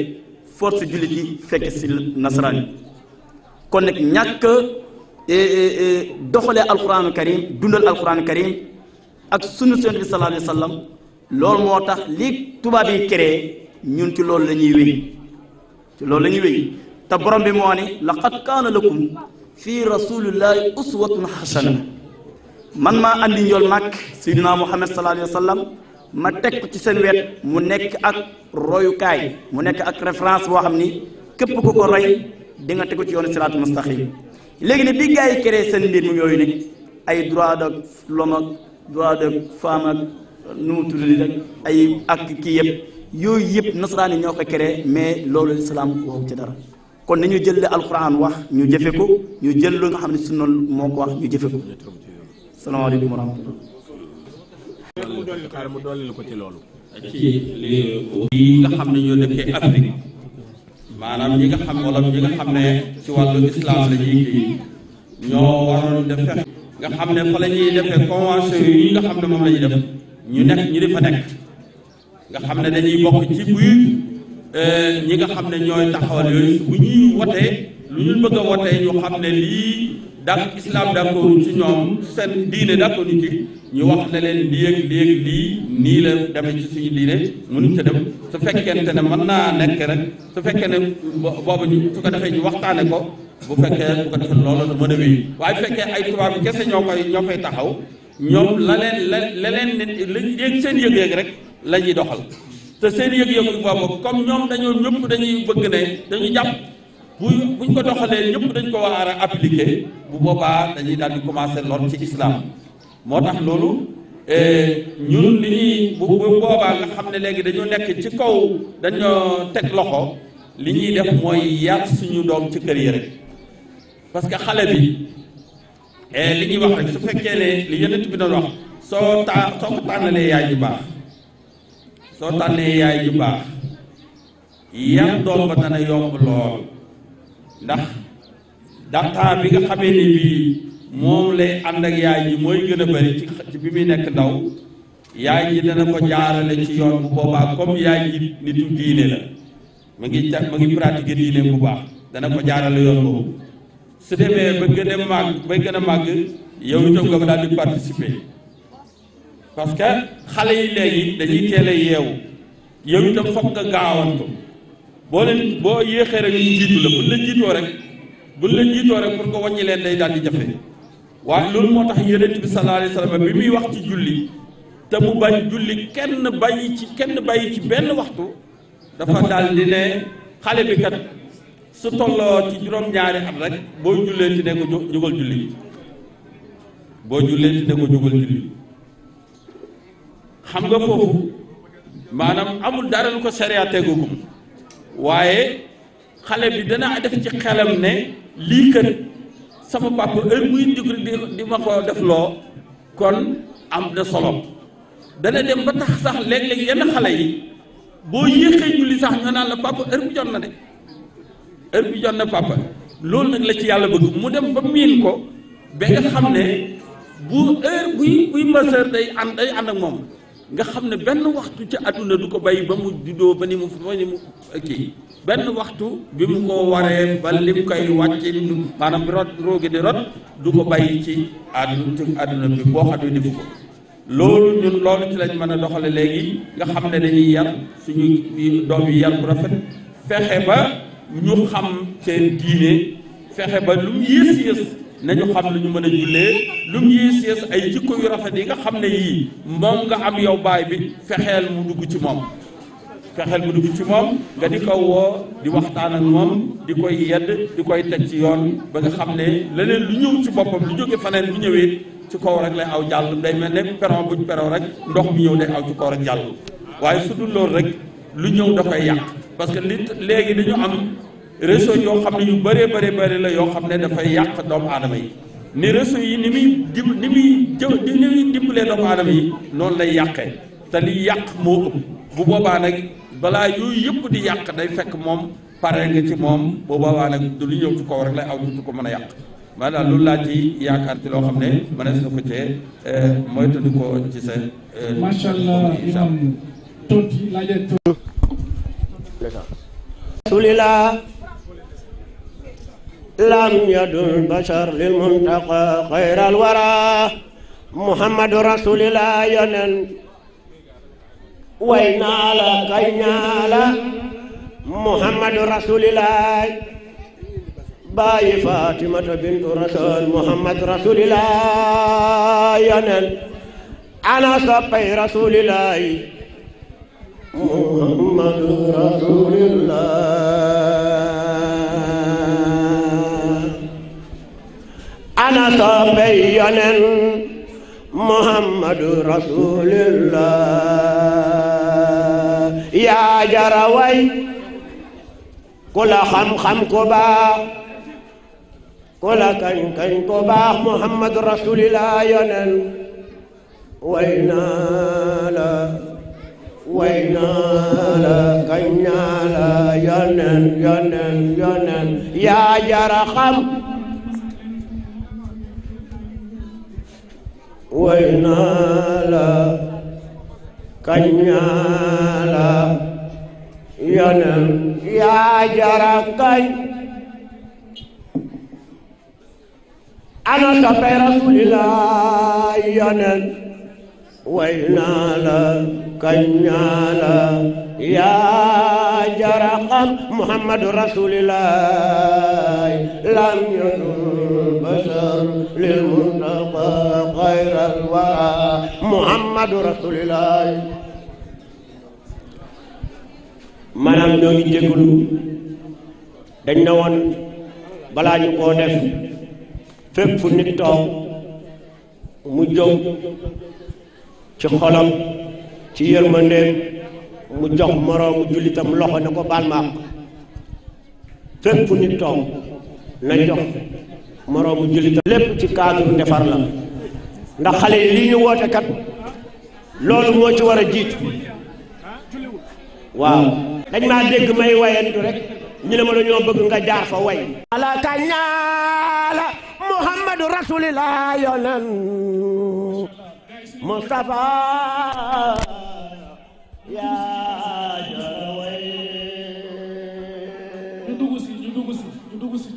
force jullit yi fekk si nasaraan bi kon nag ñàkk eh, eh, eh, doxalee alquranu karim dundal alquranu karim ak suñu seen bi sallallahu alayhi wa sallam loolu moo tax li tubaab yi créé ñun ci loolu la ñuy wéy ci loolu la ñuy wéy te borom bi moo ne laqad kaana lakum fi rasulillahi uswatun hasana man maa andi njool màkk sayyidina Muhammad sallallahu alayhi wa sallam ma teg ko ci seen wet mu nekk ak royukaay mu nekk ak référence boo xam ni képp ko ko roy di nga tegu ci yoonu siraatu mustaqim léegi ne bi gars yi seen mbir mu yooyu nag ay droit de l'homme ak droit de femme ak nu mu rek ay ak kii yëpp yooyu yëpp nasaraan yi ñoo ko créé mais loolu islam waxu ci dara kon nañu jël li alquran wax ñu jëfe ko ñu jël lu nga xam ne sunna moo ko wax ñu jëfe ko salaamaaleykum wa rahmatulah. xaaral mu dolli ko ci loolu. ci li yi nga xam ne ñoo dëkkee Afrique maanaam ñi nga xam wala ñi nga xam ne ci wàllu islam la ñuy ñoo waroon def nga xam ne fa la ñuy defee yi nga xam ne moom la ñuy def ñu nekk ñu di fa nekk nga xam ne dañuy bokk ci biir euh, ñi nga xam ne ñooy taxawal yooyu bu ñuy wotee lu ñu bëgg a wotee ñu xam ne lii. dak islam d'accord ci ñoom seen diine d'accord ñu ci ñu wax ne leen léeg léeg lii nii la demee ci suñu diine mënuñ ca dem su fekkente ne mën naa nekk rek su fekkee ne boobu ñu su ko defee ñu waxtaane ko bu fekkee su ko defee loolu du mën a wéy waaye fekkee ay tubaab bi kese ñoo koy ñoo koy taxaw ñoom la leen la la leen ne léeg seen yëg-yëg rek la ñuy doxal te seen yëg-yëg boobu comme ñoom dañoo ñëpp dañuy bëgg ne dañu jàpp bu buñ ko doxalee ñëpp dañ ko war a appliquer bu boobaa dañuy daal di commencé lor ci islam moo tax loolu eh, ñun li ñuy bu boobaa nga xam ne léegi dañoo nekk ci kaw dañoo teg loxo li ñuy def mooy yar suñu doom ci kër yi rek parce que xale bi eh, li ñuy wax rek su fekkee ne li yonent bi doon wax soo taa soo ko tànnalee yaay ju baax soo tànnee yaay ju baax yar doom ba dana yomb lool ndax data bi nga xamee ni bii moom lay ànd ak yaay ji mooy gën a bëri ci bi muy nekk ndaw yaay ji dana ko jaarale ci yoon bu boobaa comme yaay ji nitu diine la mu ngi ca mu ngi pratiquer diine bu baax dana ko jaarale yoon boobu su demee ba gën a màgg ba gën a màgg yow itam nga daal di participer parce xale yi léegi dañuy teel a yeewu yow itam foog nga gaawantu boo leen boo yéexee rek ñu jiitu la buñ la jiitoo rek buñ la jiitoo rek pour nga wàññi leen day daal di jafe waaye loolu moo tax yonent bi sallallahu alayhi wa sallam bi muy wax ci julli te mu bañ julli kenn bàyyi ci kenn bàyyi ci benn waxtu dafa daal di ne xale bi kat su tolloo ci juróom-ñaari at rek boo jullee ci ne ko jógal julli boo jullee ci ne ko jógal julli xam nga foofu maanaam amul dara lu ko sariya tegoogum waaye xale bi danaa def ci xelam ne lii kat sama papa heure muy dugg di di ma ko def loo kon am na solo dana dem ba tax sax léeg-léeg yenn xale yi boo yéexee julli sax ñu naan la papa heure bi jot na de heure bi jot na papa loolu nag la ci yàlla bëgg mu dem ba miin ko ba nga xam ne bu heure buy buy ma sœur day ànd ay ànd ak moom nga xam ne benn waxtu ci àdduna du ko bàyyi ba mu juddoo ba ni mu ba ni mu kii benn waxtu bi mu ko waree ba lim koy wàcce maanaam rot roogi di rot du ko bay ci àdduna ci àdduna bi boo xam ne defu ko loolu ñun loolu ci lañ mën a doxale léegi nga xam ne dañuy yar suñu doom yi yar bu rafet fexe ba ñu xam seen diine fexe ba lu mu yées nañu xam lu ñu mën a jullee lu mu yées yées ay jikko yu rafet yi nga xam ne yii moom nga am yow baay bi fexeel mu dugg ci moom fexeel mu dugg ci moom nga di ko woo di waxtaan ak moom di koy yedd di koy teg ci yoon ba nga xam ne leneen lu ñëw ci boppam lu jóge faneen bu ñëwee ci kaw rek lay aw jàll day mel ne peron buñ peron rek ndox mu ñëw day aw ci kaw rek jàll waaye su dul rek lu ñëw da koy yàq parce nit léegi dañu am réseau yoo xam ne yu bëree bëri bëri la yoo xam ne dafay yàq doomu aadama yi ni réseau yi ni muy dim ni muy jëw ni muy dimbalee doomu aadama yi noonu lay yàqee te li yàq moo ëpp bu boobaa nag balaa yooyu yëpp di yàq day fekk moom pare nga ci moom bu boobaa nag du lu ñëw ci kaw rek lay aw du ko mën a yàq ma daal loolu laa ci yaakaar ci loo xam ne mënees na ko cee euh, moytuñu ko ci sa. Euh, macha allah lam yadul bashar lil muntaqa xayral wara muhammadu rasulillah yonen way naa la kay naa la muhammadu rasulillah baayi fatimata bintu rasul muhammadu rasulillah yonen ana soppay rasulillah muhammadu rasulillah na soppey yonen muhammadu rasulillah yaa jara way ku la xam-xam ku baax ku la kañ-kañ ku baax muhammadu rasulillah yonen way naa la way naa la kañ naa la yonen yonen yonen yaa jara xam way naa la kañ naa la yonen yaa jara kañ ana toppee rasulilah yonen naa la kañ yaa jaraqam muhammadu rasulillahi lam yakun bashar lil muntaqa xayral wara muhammadu rasulillahi maanaam ñoo ngi jégalu dañ na woon balaa ñu koo def fu nit mu jóg ci xolam ci yërmandeem mu jox moroomu jullitam loxo ne ko baal ma fépp nit toog na jox moroomu jullitam lépp ci cadre defar la ndax xale yi lii ñu woote kat loolu moo ci war a jiitu waaw dañ maa dégg may wayantu rek ñu ne ma dañoo bëgg nga jaar fa way ala kañaala muhammadu rasulillah yonan mustafa ñu dugg si ñu dugg si ñu dugg si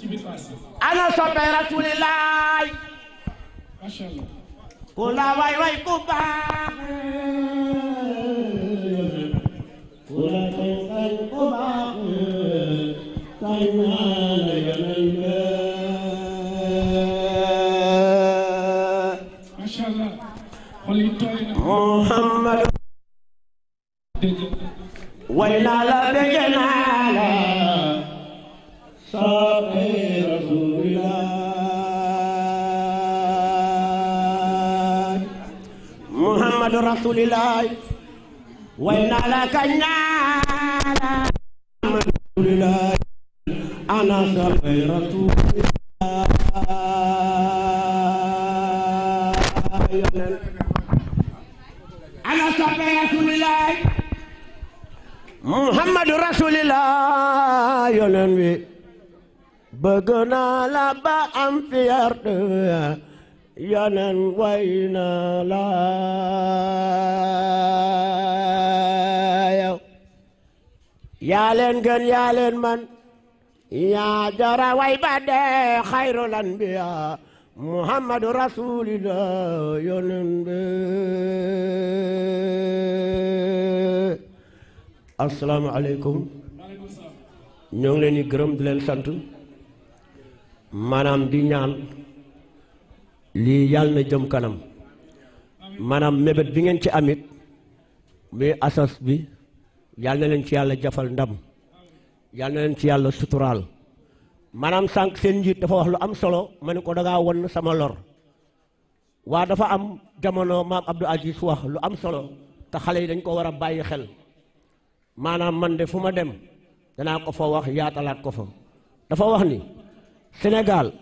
ana soppe rasulilaay. macha ku la way way ku way naa la bëgg naa la soppe rasulillah muhammadu rasulillah yonen wi bëgg naa la ba am fierté yonen way naa la yow yaa leen gën yaa leen man yaa jara way ba dee xayrul anbiya muhammadu rasulillah yonen bi asalaamaaleykum ñoo ngi leen di gërëm di leen sant maanaam di ñaan lii yàlla na jëm kanam maanaam mébét bi ngeen ci amit muy asas bi yàlla na leen ci yàlla jafal ndam yàlla na leen ci yàlla suturaal maanaam sànq seen njiit dafa wax lu am solo ma ne ko dangaa won sama lor waa dafa am jamono maam Abdou Aziz wax lu am solo te xale yi dañ ko war a bàyyi xel maanaam man de fu ma dem danaa ko fa wax yaatalaat ko fa dafa wax ni Sénégal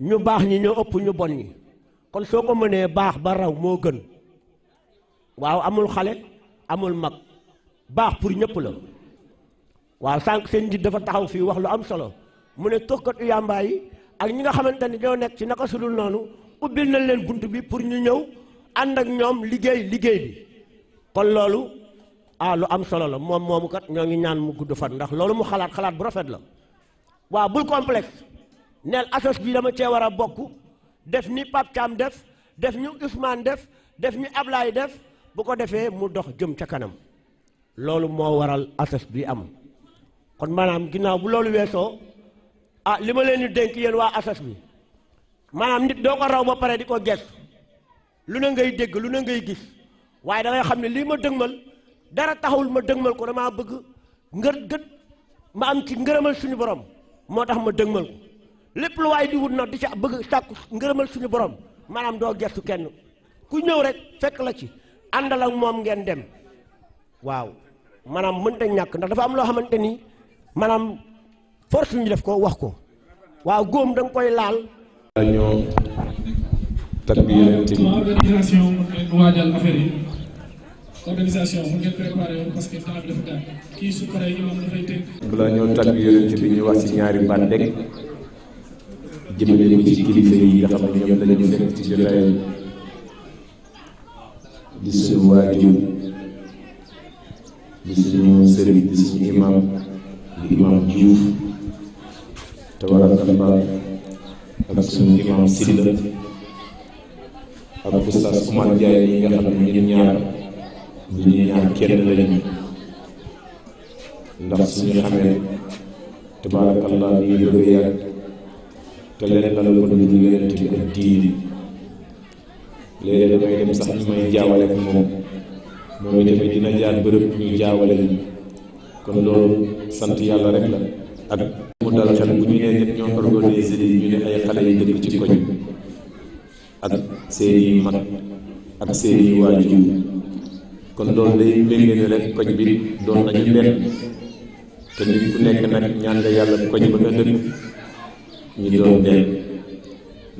ñu baax ñi ñoo ëpp ñu bon ñi kon soo ko mënee baax ba raw moo gën waaw amul xale amul mag baax pour ñëpp la waa sanq seen njiit dafa taxaw fii wax lu am solo mu ne tokkatu yàmbaa yi ak ñi nga xamante ni ñoo nekk ci naka sudul noonu ubbil nañ leen bunt bi pour ñu ñëw ànd ak ñoom liggéey liggéey bi kon loolu ah lu am solo la moom moomu kat ñoo ngi ñaan mu gudd fan ndax loolu mu xalaat xalaat bu rafet la waaw bul complexe neel asos bii dama cee war a bokk def ni Pape def def ni Ousmane def def ni ablaay def bu ko defee mu dox jëm ca kanam loolu moo waral asos bi am kon maanaam ginnaaw bu loolu weesoo ah li ma leen di dénk yéen waa asos bi maanaam nit doo ko raw ba pare di ko gestu lu ne ngay dégg lu ne ngay gis waaye da xam ne lii ma dëgmal dara taxawul ma dëgmal ko damaa bëgg ngër gët ma am ci ngërëmal suñu borom moo tax ma dëgmal ko lépp lu waay di wut nag di ca bëgg sàkku ngërëmal suñu borom maanaam doo gestu kenn ku ñëw rek fekk la ci àndal ak moom ngeen dem waaw maanaam mënta ñàkk ndax dafa am loo xamante ni maanaam force ñu def ko wax ko waaw góom da koy laal. ñoo tagg yeneen bi. waajal affaire organisation mu ngeen préparé woon parce bi ñu wax ci ñaari baat rek jëmale ko ci kilifa yi nga xam ne ñoom lañu fekk ci jotaay di suñu waajur di suñu sëriñ di suñu imam imam Diouf tabarakallah ak suñu imam Silla ak oustaz nga xam ne ñun ñaar. li ñuy ñaan kenn lañu ndax suñu xamee tabaarakallah nii lu bëri yàgg te leneen la ko dund yonent bi ak diini léeg-léeg damay dem sax ñu may jaawale ak moom moom itamit dina jaar bërëb ñu jaawale lañu kon loolu sant yàlla rek la ak mu dal xel bu ñu nee nit ñoo organisé yi ñu ne ay xale yu dëkk ci koñ ak seeni mag ak seeni waajur kon loolu day léegi ne rek bi doon nañu benn te nit ku nekk nag ñaan nga yàlla koñ ba nga dëkk ñu doon benn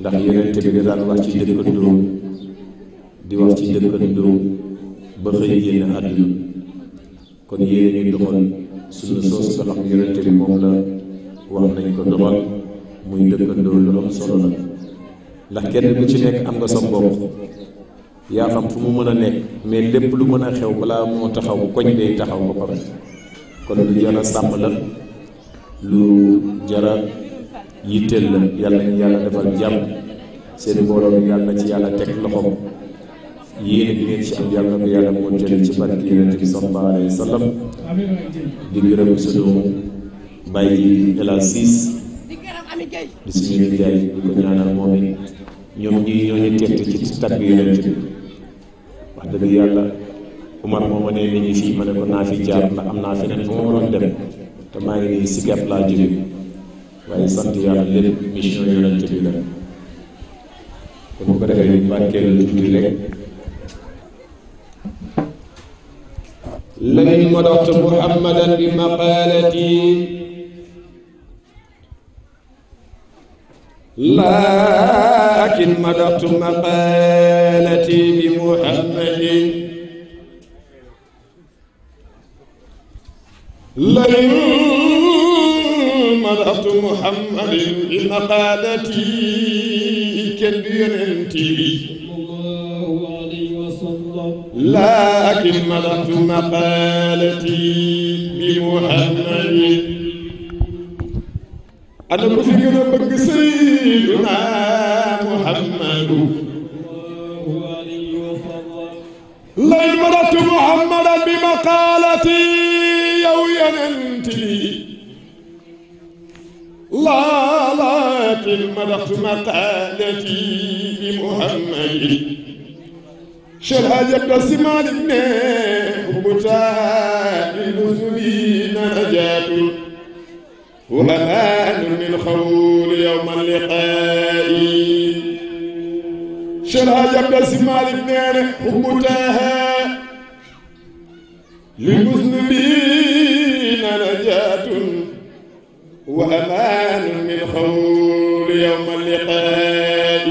ndax yonent bi da daan wax ci dëkkandoo di wax ci dëkkandoo ba xëy génn àdduna kon yéen ñu doxal suñu soosu nga xam yonent bi moom la wax nañ ko doxal muy dëkkandoo lu solo la ndax kenn ku ci nekk am nga sa mbokk yaa xam fu mu mën a nekk mais lépp lu mën a xew balaa moo taxaw bu koñ day taxaw ba pare kon lu jar a sàmm la lu jar yitteel la yàlla ñu yàlla defal jàmm seen mbooloo mi yàlla ci yàlla teg loxoom yéen bi ngeen ci am yàlla ko yàlla mottali ci barke yonent bi sallallahu alayhi wa sallam di gërëm sunu bàyyi El Hadj Siis di suñu nijaay di ko ñaanal moom it ñoom ñii ñoo ñu ci tàgg yonent bi wax dëgg yàlla Umar moo ma nee fii ma ne ko naa fi jaar ndax am naa feneen fu ma waroon dem te maa ngi nii laa jóge waaye sant yàlla lépp mission yonent bi la te bu ko defee ñu barkeelu lu rek lamin mu doxtu muhammadan bi maqaalati لكن مدحت مقالتي بمحمد لئن مدحت محمد بمقالتي كالبيرنتي لكن مدحت مقالتي بمحمد ana mu fi gën a bëgg sayyiduna muhammadu lay maratu muhammadan bi maqaalati yow yenent li laa laakin maratu maqaalati bi muhammadi sharha yabda si malik ne bu taa illusuli na najaatu هو هان للخول يوم اللقاء شلها جبل سمال اثنين حكمتها للمسلمين نجاة وأمان من خول يوم اللقاء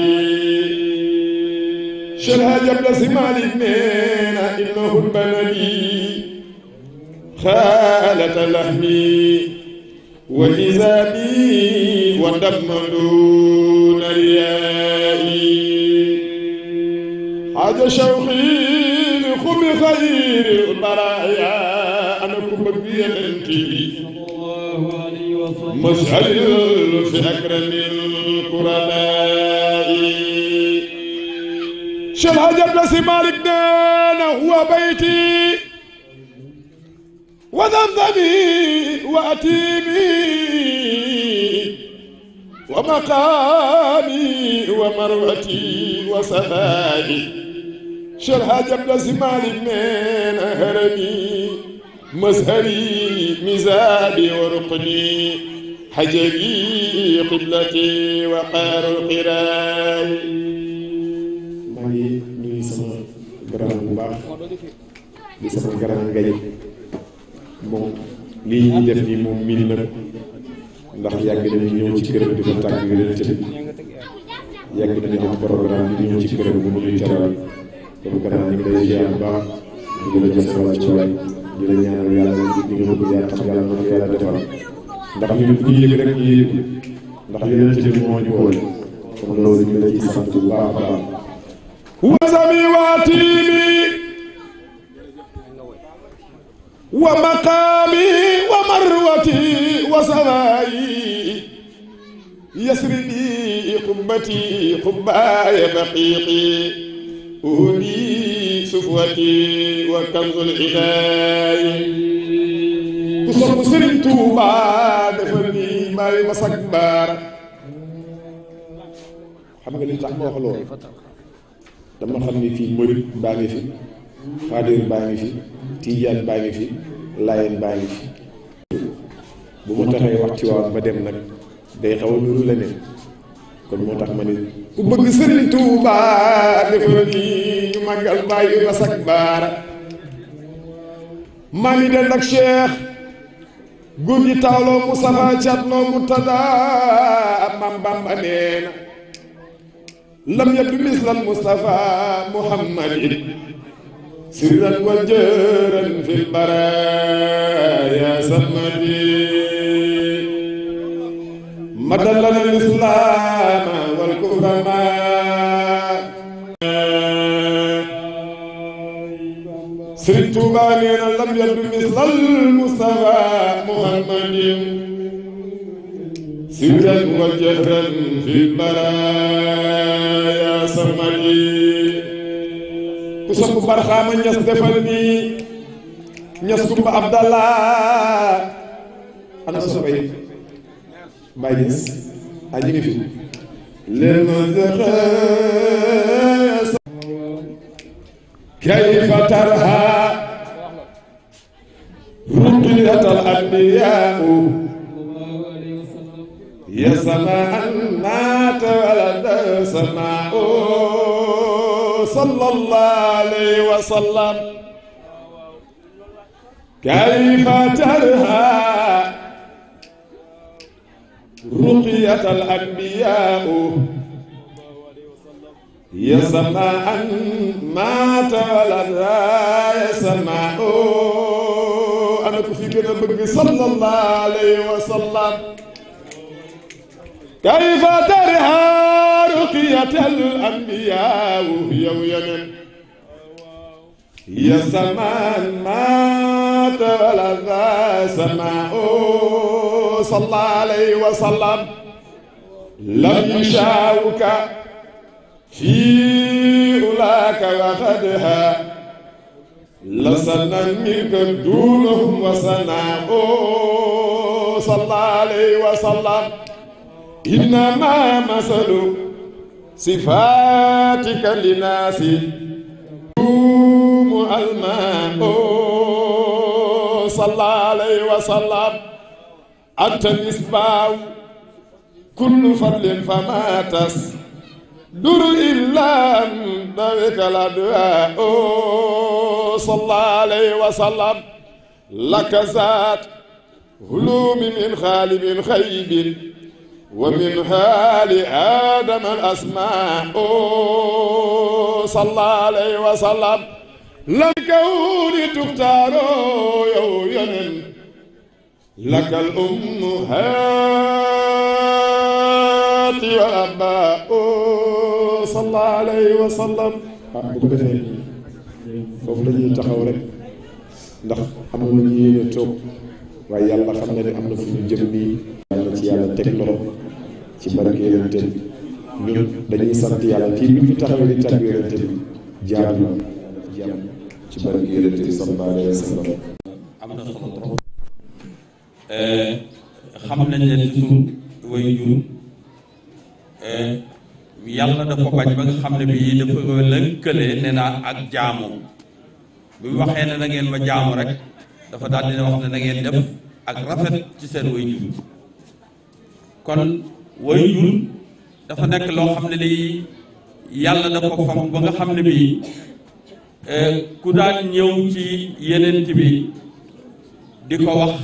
شلها جبل سمال اثنين إنه البلدي خالة لحمي ولزادي وتمنون ريائي هذا شوقي لخم خير البرايا أنا كم بينتي مسعد في أكرم القرناء شل هجر نسي مالك دانا هو بيتي وذنبي وأتيمي ومقامي ومروتي وسلامي شرها جبل زمان من هرمي مزهري مزابي ورقني حجري قبلتي وقار القران ماي ني سما غرام باخ دي سما غرام غادي bon lii ñuy def nii moom miin na ndax yàgg nañu ñëw ci këram di ko tàgg yonent bi yàgg nañu am programme di ñëw ci këram bu ñuy teral kon kanam ñu ngi lay ziar baax di la jox sa wàccuwaay la ñaanal yàlla di nga bëgg yàlla xam yàlla na yàlla defal ndax ñu ñu yëg rek ñu yëg ndax yonent bi moo ñu woon kon loolu baax a baax. wa maqaami wa marwati wa samaayi yasribi xubbati xubbaaya baqiiqi uhudi sufwati wa kanzul inaayi ku sopp Sëriñ Tuubaa dafa ni maay masak baar xam nga li tax ma wax loolu dama xam ni fii murit baa ngi fi Maadur baa ngi fi Tijaan baa ngi fi Laayeen baa ngi fi bu ma taxee wax ci waaw ba dem nag day xaw a nuru leneen kon moo tax ma ne ku bëgg Sëriñ Tuuba defal lii ñu màggal bàyyi ba sag baara maa ngi dend ak Cheikh góor gi taawloo mu safa cat noo mu tada maam Bamba nee na lam سرا وجهرا في البرايا سمدي مدلل الإسلام والكفر ما سرت بالينا لم يلد مثل المصطفى محمد سرا وجهرا في البرايا سمدي ku sopp barxaama ñas defal nii ñas kumba abdallah ana sobay mbay ñas a ñu ngi fi leen ma dëxës kayfa tarha rutliyatal anbiyaa يا سماء أنات ولد سماء sallallahu alayhi wa sallam كيف ترها رقية الأنبياء يا سماء مات ولدها يا سماء أنا كفيك نبقي صلى الله عليه وسلم كيف ترها رقية الأنبياء يوم يمن هي سماء مات ولذا سماء صلى عليه وسلم لم يشاوك في أولاك وخدها لسنا منك دونهم وسناء صلى عليه وسلم إنما مثل صفاتك للناس يوم الماء صلى عليه وسلم أنت الإسباع كل فضل فما تس دور إلا ذلك الأدواء صلى عليه وسلم لك ذات هلوم من خالب خيب ومنها لآدم الأسماء صلى عليه وسلم للكون تختار يوم لك الأمهات والأباء صلى عليه وسلم bu ko defee foofu la ñuy taxaw rek ndax amoon nañu yéene toog waaye yàlla xam na ne am na fu ñu jëm nii ci yàlla teg loxo ci barke yonente bi dañuy sant yàlla kii bi ñu taxawee di tàgg yonente bi jaam la jaam ci barke yonente bi sallallahu am na solo trop eh, xam nañ ne suñu waajur eh, yàlla dafa bañ ba nga xam ne bii dafa lëkkale ne ak jaamu bi waxee ne na ngeen ma jaamu rek dafa daal dina wax ne na ngeen def ak rafet ci seen way jur kon way jur dafa nekk loo xam ne lii yàlla da ko ba nga xam ne bi eh, ku daan ñëw ci yeneen bi di ko wax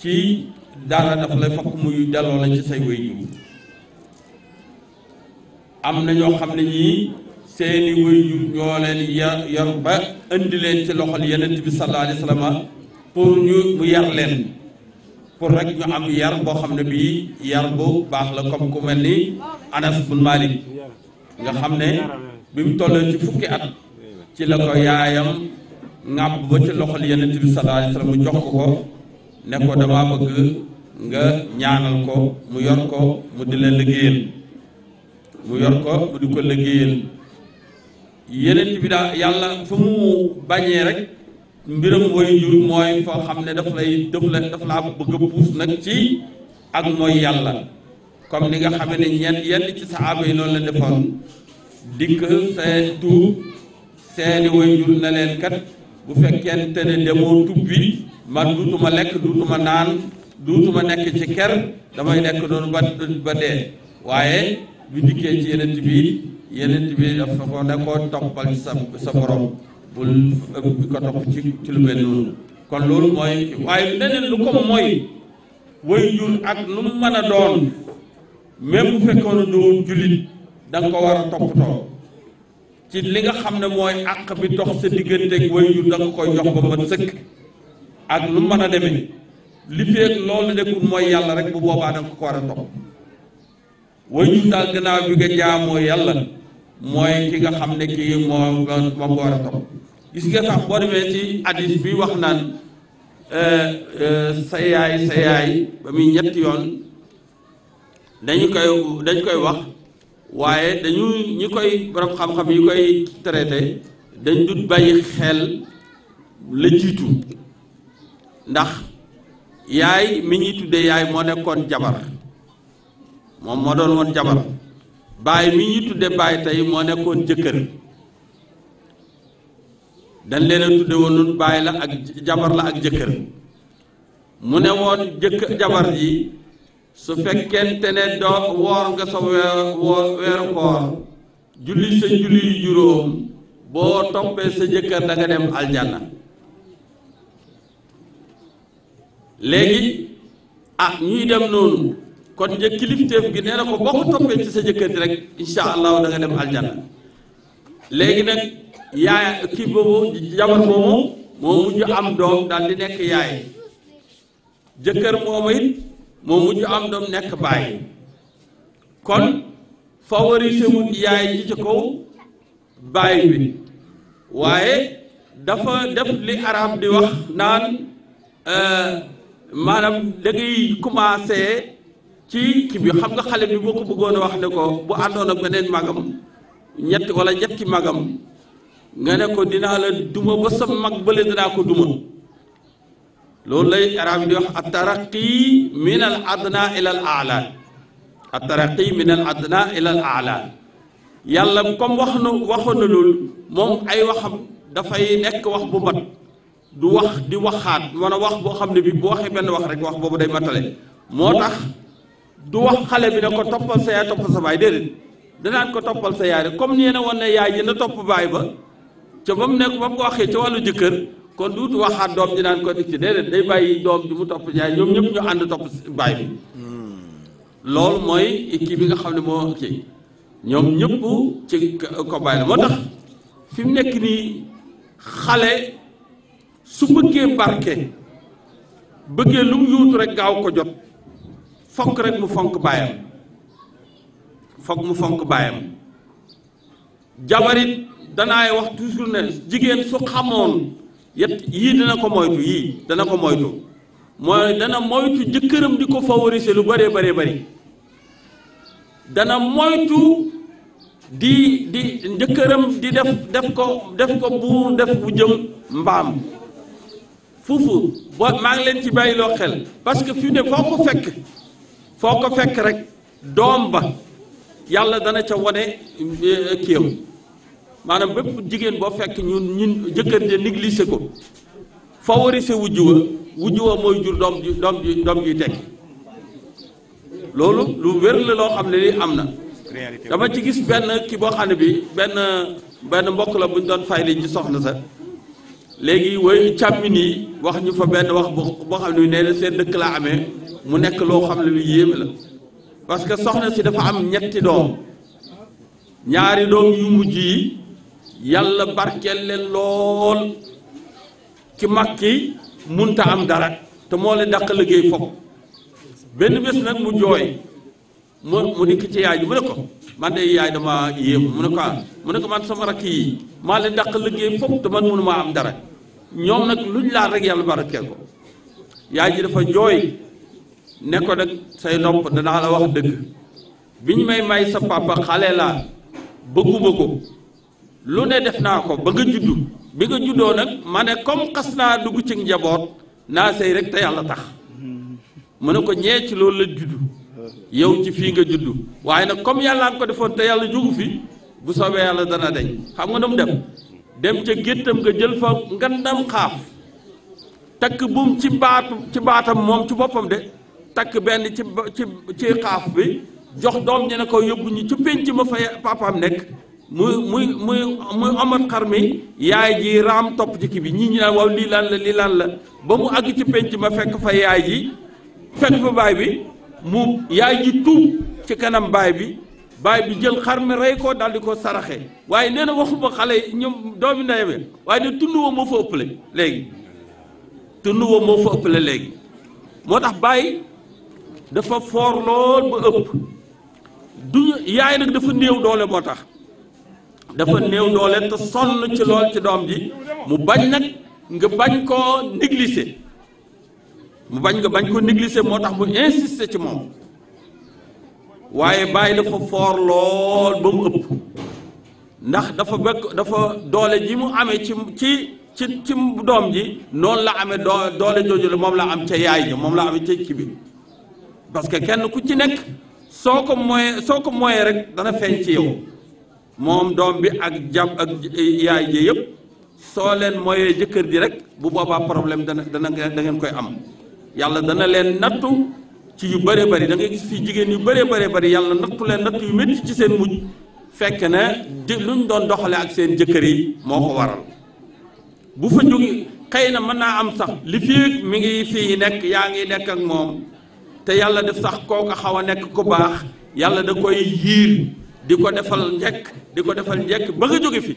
ci dara dafa lay fokk muy delloo la ci say way jur am na ñoo xam ne ñii seeni wëyjur ñoo leen yar yor ba indi leen ci loxol yonent bi sallallahu alayhi wa pour ñu mu yar leen pour rek ñu am yar boo xam ne bi yar bu baax la comme ku mel ni Anas bun Malik nga xam ne bi mu tolloon ci fukki at ci la ko yaayam ŋàbb ba ci loxol yonent bi sallallahu alayhi wa mu jox ko ne ko dama bëgg nga ñaanal ko mu yor ko mu di la liggéeyal mu yor ko mu di ko liggéeyal yeneen bi daal yàlla fu mu bañee rek mbiram way jur mooy foo xam ne daf lay daf la daf laa bëgg a puus nag ci ak mooy yàlla comme ni nga xamee ne ñenn yenn ci saxaaba yi noonu la defoon dikk seen tuub seeni way jur na leen kat bu fekkente ne demoo tubbi man duutuma lekk duutuma naan duutuma nekk ci ker damay nekk noonu ba ba dee waaye bu dikkee ci yeneen bi yeneen bi dafa ko da koo toppal ci sa sa borom bul ko topp ci ci lu mel noonu kon loolu mooy waaye leneen lu ko mooy waajur ak nu mu mën a doon même bu fekkoon doon jullit da ko war a toppatoo ci li nga xam ne mooy àq bi dox sa digganteeg waajur da nga koy jox ba mën sëkk ak nu mën a demee li feeg loolu nekkul mooy yàlla rek bu boobaa da nga ko war a topp waajur daal gannaaw bi nga jaamoo yàlla mooy ki nga xam ne kii moo moom war a topp gis nga sax boo demee ci hadis bi wax naan euh, euh, sa yaay sa yaay ba muy ñetti yoon dañu koy dañ koy wax waaye dañu ñi koy borom xam-xam yi koy traité dañ dut bàyyi xel la jiitu ndax yaay mi ñuy tuddee yaay moo nekkoon jabar moom moo doon woon jabar baay bi ñuy tudde baay tey moo nekkoon jëkkër dañ leen a tudde woon baay la ak jabar la ak jëkkër mu ne woon jëkk jabar ji su fekkente ne doo woor nga sa weeru koor julli sa julli yu juróom boo toppee sa jëkkër danga nga dem aljanna léegi ah ñuy dem noonu kon njëkk kilifteef gi nee na ko boo ko toppee ci sa jëkkër ji rek incha allahu da nga dem aljanna léegi nag yaay kii boobu jabar moomu moo mujj am doom daal di nekk yaay jëkkër moomu it moo mujj am doom nekk baay kon favorisé wul yaay ji ci kaw baay bi waaye dafa def li arab di wax naan euh, maanaam da ngay ci kii bi xam nga xale bi boo ko bëggoon a wax ne ko bu àndoon ak beneen magam ñett wala ñetti magam nga ne ko dinaa la duma ba sa mag bële dinaa ko duma loolu lay arab di wax attaraqi min al adna ila al aala attaraqi min al adna ila al aala yàlla comme wax na waxoon na loolu moom ay waxam dafay nekk wax bu mat du wax di waxaat mën a wax boo xam ne bi bu waxee benn wax rek wax boobu day matale moo tax du wax xale bi ne ko toppal sa yaay toppal sa baay déedéet danaan ko toppal sa yaay rek comme nee na woon ne yaay ji na topp baay ba ca ba mu nekk ba mu ko waxee ca wàllu jëkkër kon duutu waxaat doom ji naan ko ci déedéet day bàyyi doom ji mu topp yaay ñoom ñëpp ñu ànd topp baay bi loolu mooy kii bi nga xam ne moo kii ñoom ñëpp ci ko baay la moo tax fi mu nekk nii xale su bëggee barke bëggee lu mu yuutu rek gaaw ko jot fokk rek mu fonk baayam fokk mu fonk baayam jabarit danaay wax toujours ne jigéen su xamoon yet yii dana ko moytu yii dana ko moytu mooy dana moytu jëkkëram di ko favoriser lu bëree bëree bëri dana moytu di di di def def ko def ko buur def bu jëm mbaam foofu maa ngi leen ci bàyyiloo xel parce fi ne foo ko fekk foo ko fekk rek doom ba yàlla dana ca wane eh, kéew maanaam bépp jigéen boo fekk ñun ñun jëkkër ja négligé ko favorisé wujju wa wujju wa mooy jur doom ji doom ju doom juy teg loolu lu wér la loo xam ne li am na dama ci gis benn ki boo xam ne bi benn benn mbokk la bu ñu doon fay li ci soxna sa léegi woy càmmin yi wax ñu fa benn wax boo xam ne nee na seen dëkk laa amee mu nekk loo xam ne lu yéeme la parce que soxna si dafa am ñetti doom ñaari doom yu mujj yi yàlla barkeel leen lool ki mag ki munta am dara te moo leen dàq liggéey fopp benn bés nag mu jooy mu mu dikk ci yaay ji mu ne ko man de yaay dama yéemu mu ne ko ah. mu ne ko man sama rakk yi maa leen daq liggéey fopp te man mënu am dara ñoom nag lu ñu laal rek yàlla barakel ko yaay ji dafa jooy ne ko nag say nopp danaa la wax dëgg bi biñ may may sa papa xale laa bëgguma ko lu ne def naa ko ba nga juddu bi nga juddoo nag ma ne comme xas naa dugg ci njaboot naa sëy rek te yàlla tax mu ne ko ñee ci loolu la juddu yow ci fii nga juddu waaye nag comme yàlla nga ko defoon te yàlla jógu fi bu soobee yàlla dana deñ xam nga nu mu dem dem ca géttam nga jël fa ngandam xaaf takk buum ci baatu ci baatam moom ci boppam de takk benn ci ci ci xaaf bi jox doom ñi ne ko yóbbu ñu ci pénc ma fay papaam nekk muy muy muy muy omat xar mi yaay ji raam topp ci kii bi ñii ñu naan waaw lii lan la lii lan la ba mu àgg ci pénc ma fekk fa yaay ji fekk fa baay bi mu yaay ji tuub ci kanam baay bi baay bi jël xar mi rey ko daal di ko saraxe waaye nee na waxuma xale yi ñoom doomi ndeyame waaye ne tund woo moo fa ëppale léegi tund woo moo fa ëppale léegi moo tax baay dafa foor lool ba ëpp du yaay nag dafa néew doole moo tax dafa néew doole te sonn ci lool ci doom ji mu bañ nag nga bañ koo négliger mu bañ nga bañ ko négliger moo tax mu insister ci moom waaye bàyyi dafa foor lool ba mu ëpp ndax dafa bëgg dafa doole ji mu amee ci ci ci ci doom ji noonu la amee doo doole jooju la moom la am ca yaay ji moom la amee ca kii bi parce que kenn ku ci nekk soo ko moyee soo ko moyee rek dana feeñ ci yow moom doom bi ak jàpp ak yaay ji yëpp soo leen moyee jëkkër ji rek bu boobaa problème dana dana da ngeen koy am yàlla dana leen nattu ci yu bëree bëri da ngay gis fii jigéen yu bare bëree bëri yàlla nattu leen natt yu métti ci seen mujj fekk na luñ doon doxale ak seen jëkkër yi moo ko waral bu fa jógee xëy na mën naa am sax li fii mi ngi fii nekk yaa ngi nekk ak moom te yàlla def sax kooka xaw a nekk ku baax yàlla da koy yiir di ko defal njëkk di ko defal njekk ba nga jóge fi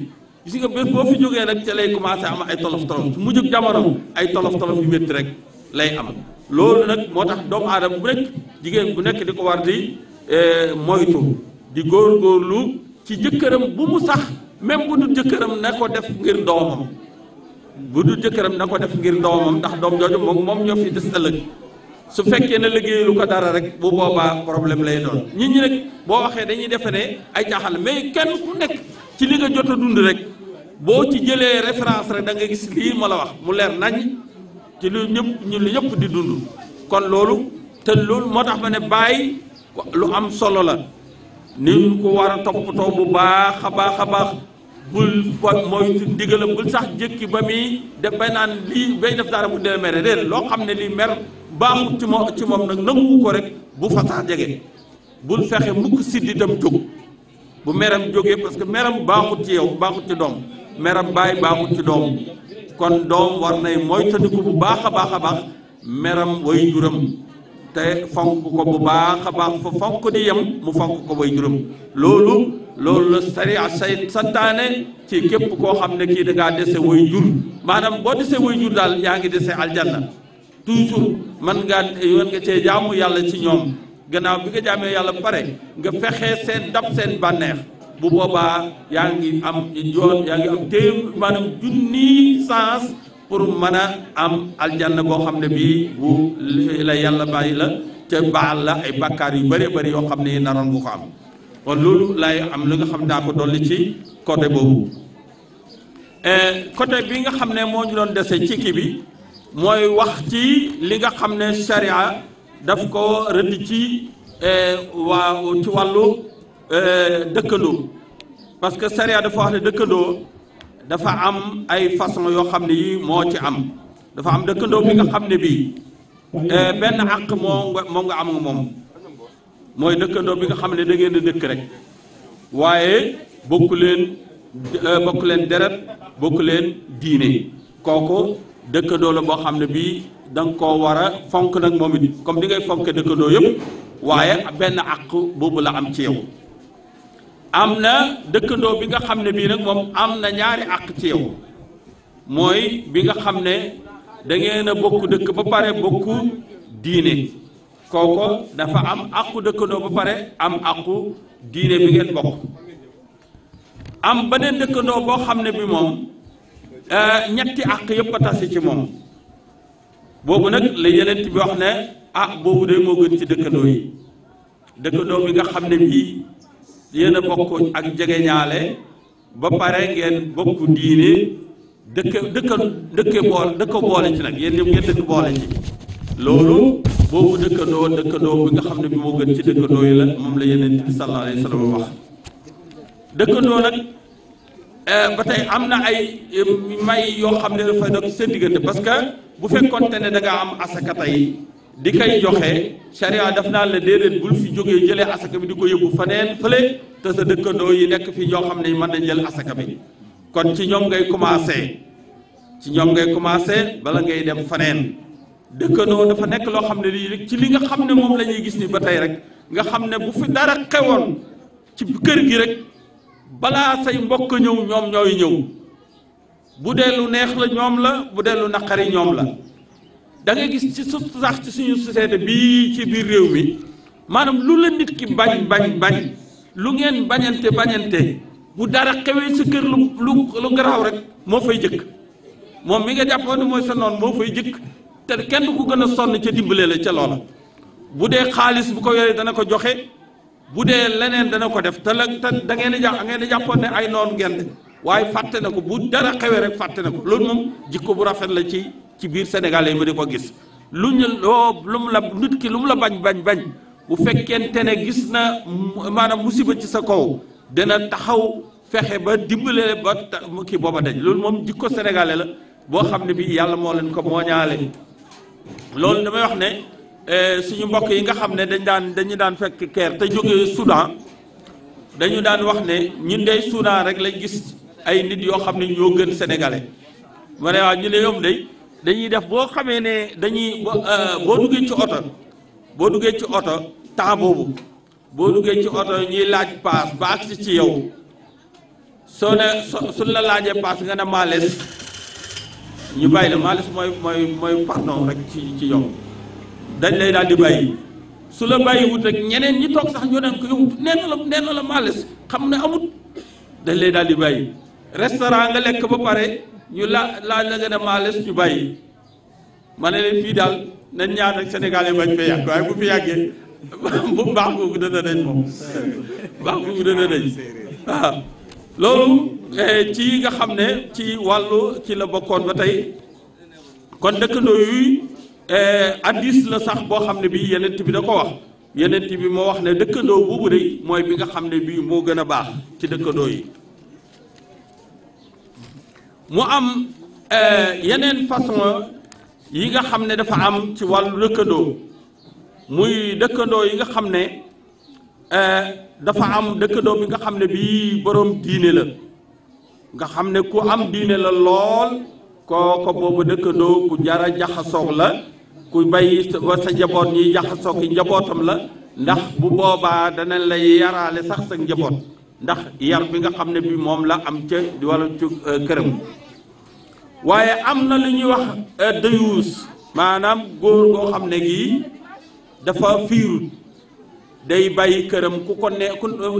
gis nga bés boo fi jógee nag ca lay commencé am ay tolof tolof su mujj jamono ay tolof tolof yu métti rek lay am loolu nag moo tax doomu aadama bu nekk jigéen bu nekk di ko war di eh, moytu di góorgóorlu ci jëkkëram bu mu sax même bu dul jëkkëram na ko def ngir doomam bu dul jëkkëram na ko def ngir doomam ndax doom jooju moom moom ñoo fi des ëllëg su fekkee ne liggéeyalu ko dara rek bu boobaa problème lay noonu nit ñi nag boo waxee dañuy defe ne ay jaaxal mais kenn ku nekk ci li nga jot a dund rek boo ci jëlee référence rek da gis lii ma la wax mu leer nañ ci lu ñëpp ñu lu yëpp di dund kon loolu te loolu moo tax ma ne bàyyi lu am solo la ni ñu ko war a toppatoo bu baax a baax a baax bul moytu ndigalam bul sax jëkki ba muy def bay naan lii bay def dara mu dee mere déedéet loo xam ne lii mer baaxut ci moom ci moom nag nangu ko rek bu fa sax jege bul fexe mukk siddi dem jóg bu meram jógee parce que meram baaxut ci yow baaxut ci doom meram bàyyi baaxut ci doom kon doom war nay moytandiku bu baax a baax a baax meram way juram te fonk ko bu baax a baax fa fonk di yem mu fonk ko way juram loolu loolu la sariya say santaane ci képp koo xam ne kii da ngaa dese way jur maanaam boo desee way jur daal yaa ngi dese aljanna toujours man ngaa mën nga cee jaamu yàlla ci ñoom gannaaw bi nga jaamee yàlla pare nga fexee seen dab seen bànneex bu boobaa yaa ngi am joon yaa ngi am téem maanaam junni sens pour mën a am aljanna boo xam ne bii bu la yàlla bàyyi la te baal la ay bakkaar yu bëree bëri yoo xam ne naroon bu ko am kon loolu laay am li nga xam daa ko dolli ci côté boobu eh, côté bi nga xam ne moo ñu doon dese ci kii bi mooy wax ci li nga xam ne sharia daf ko rëdd ci eh, waa ci wàllu Euh, dëkkandoo parce que sariya dafa wax ne dëkkandoo dafa am ay façon yoo xam ne yii moo ci am dafa am dëkkandoo bi nga xam ne bii euh, benn àq moo moom nga am nga moom mooy dëkkandoo bi nga xam ne da ngeen dëkk rek waaye bokku leen euh, bokk leen deret bokk leen diine kooku dëkkandoo la boo xam ne bii da nga koo war a fonk nag moom it comme di ngay fonke dëkkandoo yëpp waaye benn àq boobu la am ci yow am na dëkkandoo bi nga xam ne bii nag moom am na ñaari àq ci yow mooy bi nga xam ne da ngeen a bokk dëkk ba pare bokk diine kooko dafa am àqu dëkkandoo ba pare am àqu diine bi ngeen bokk am beneen dëkkandoo boo xam ne bi moom euh, ñetti àq yëpp a tase ci moom boobu nag la yeneen bi wax ne ah boobu de moo gën ci dëkkandoo yi dëkkandoo bi nga xam ne bii yéen a bokk ak jegeñaale ba pare ngeen bokk diine dëkk dëkk dëkk dëkke bool dëkk boole ci nag yéen ñëpp ngeen dëkk boole ci loolu boobu dëkkandoo dëkkandoo bi nga xam ne bi moo gën ci dëkkandoo yi la moom la yeneen bi sallallahu alayhi wa sallam wax dëkkandoo nag eh, ba tey am na ay eh, may yoo xam ne dafay doon seen diggante parce que bu fekkonte ne da nga am asaka tey di koy joxe sharia daf naan la déedéet bul fi jógee jëlee asaka bi di ko yóbbu faneen fële te sa dëkkandoo yi nekk fii ñoo xam ne mën na jël asaka bi kon ci ñoom ngay commencé ci ñoom ngay commencé bala ngay dem faneen dëkkandoo dafa nekk loo xam ne lii rek ci li nga xam ne moom lañuy gis ni ba tey rek nga xam ne bu fi dara xewoon ci kër gi rek balaa say mbokk ñëw ñoom ñooy ñëw bu dee neex la ñoom la bu dellu lu naqari ñoom la da ngay gis ci suuf sax ci suñu société bii ci biir réew mi maanaam lu la nit ki bañ bañ bañ lu ngeen bañante bañante bu dara xewee sa kër lu lu lu garaaw rek moo fay jëkk moom mi nga jàppoon ne mooy sa noon moo fay jëkk te kenn ku gën a sonn ca dimbalee la ca loola bu dee xaalis bu ko yoree dana ko joxe bu dee leneen dana ko def te la te da ngeen di ngeen di jàppoon ne ay noonu ngeen de waaye fàtte na ko bu dara xewee rek fàtte na ko loolu moom jikko bu rafet la ci ci biir Sénégal yi ma di ko gis lu ñu loo lu mu la nit ki lu mu la bañ bañ bañ bu fekkente ne gis na maanaam musiba ci sa kaw dana taxaw fexe ba dimbale ba kii booba dañ loolu moom jikko sénégalais la boo xam ne bii yàlla moo leen ko moo ñaale loolu damay wax ne eh, suñu mbokk yi nga xam ne dañ daan dañu daan fekk keer te jóge Soudan dañu daan wax ne ñun dey Soudan rek lay gis ay nit yoo xam ne ñoo gën sénégalais ma ne waaw ñu ne yom day dañuy def boo xamee ne dañuy euh, boo duggee ci oto boo duggee ci oto temps boobu boo duggee ci oto ñuy laaj paas ba agsi ci yow soo ne suñ la laajee paas nga ne maales ñu bàyyi la maales mooy mooy mooy pardon rek ci ci yow dañ lay daal di bàyyi su la bàyyiwut rek ñeneen ñi toog sax ñu ne ko yow nee na la nee la maales xam ne amut dañ lay daal di bàyyi restaurant nga lekk ba pare ñu la laaj la nga ne maales ñu bàyyi ma ne leen fii daal nañ ñaan ak Sénégal yi bañ fee yàgg waaye bu fi yàggee bu baax googu dana dañ moom baax googu dana dañ waaw loolu eh, ci nga xam ne ci wàllu ci la bokkoon ba tey kon dëkkandoo yuy eh, addis la sax boo xam ne bii yenent bi da ko wax yenent bi moo wax ne dëkkandoo boobu de mooy bi nga xam ne bii moo gën a baax ci dëkkandoo yi mu am euh, yeneen façon yi nga xam ne dafa am ci wàllu dëkkandoo muy dëkkandoo yi nga xam ne euh, dafa am dëkkandoo bi nga xam ne bii boroom diine la nga xam ne ku am diine la lool kooko boobu dëkkandoo ku jara jaxasoog la ku bay ba sa njaboot ñiy jaxasoog yi njabootam la ndax bu boobaa danañ lay yaraale sax sa njaboot ndax yar bi nga xam ne bi moom la am ca walla ci euh, këram waaye am na lu ñuy wax euh, dayuus maanaam góor goo xam ne gii dafa fiirut day bàyyi këram ku ko ne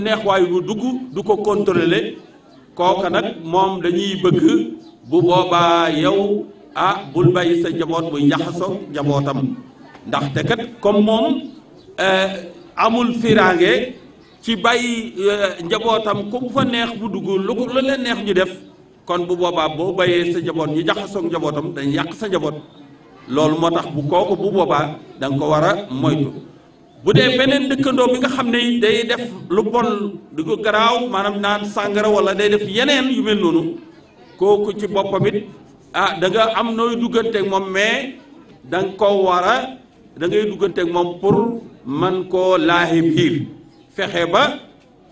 neex waay bu dugg du ko contrôler kooka nag moom dañuy bëgg bu boobaa yow a ah, bul bàyyi sa njaboot buy njaxasoo njabootam ndax kat comme moom euh, amul firange ci bàyyi euh, njabootam ku fa neex bu dugg lu leen neex ñu def kon bu boobaa boo bàyyee sa njaboot ñu jaxasoog njabootam dañ yàq sa njaboot loolu moo tax bu kooku bu boobaa danga ko war a moytu bu dee beneen dëkkandoo bi nga xam ne day def lu bon di garaaw maanaam naan sàngara wala day def yeneen yu mel noonu kooku ci boppam it ah da nga am nooy dugganteeg moom mais da nga ko war a da ngay dugganteeg moom pour man koo laahi biir fexe ba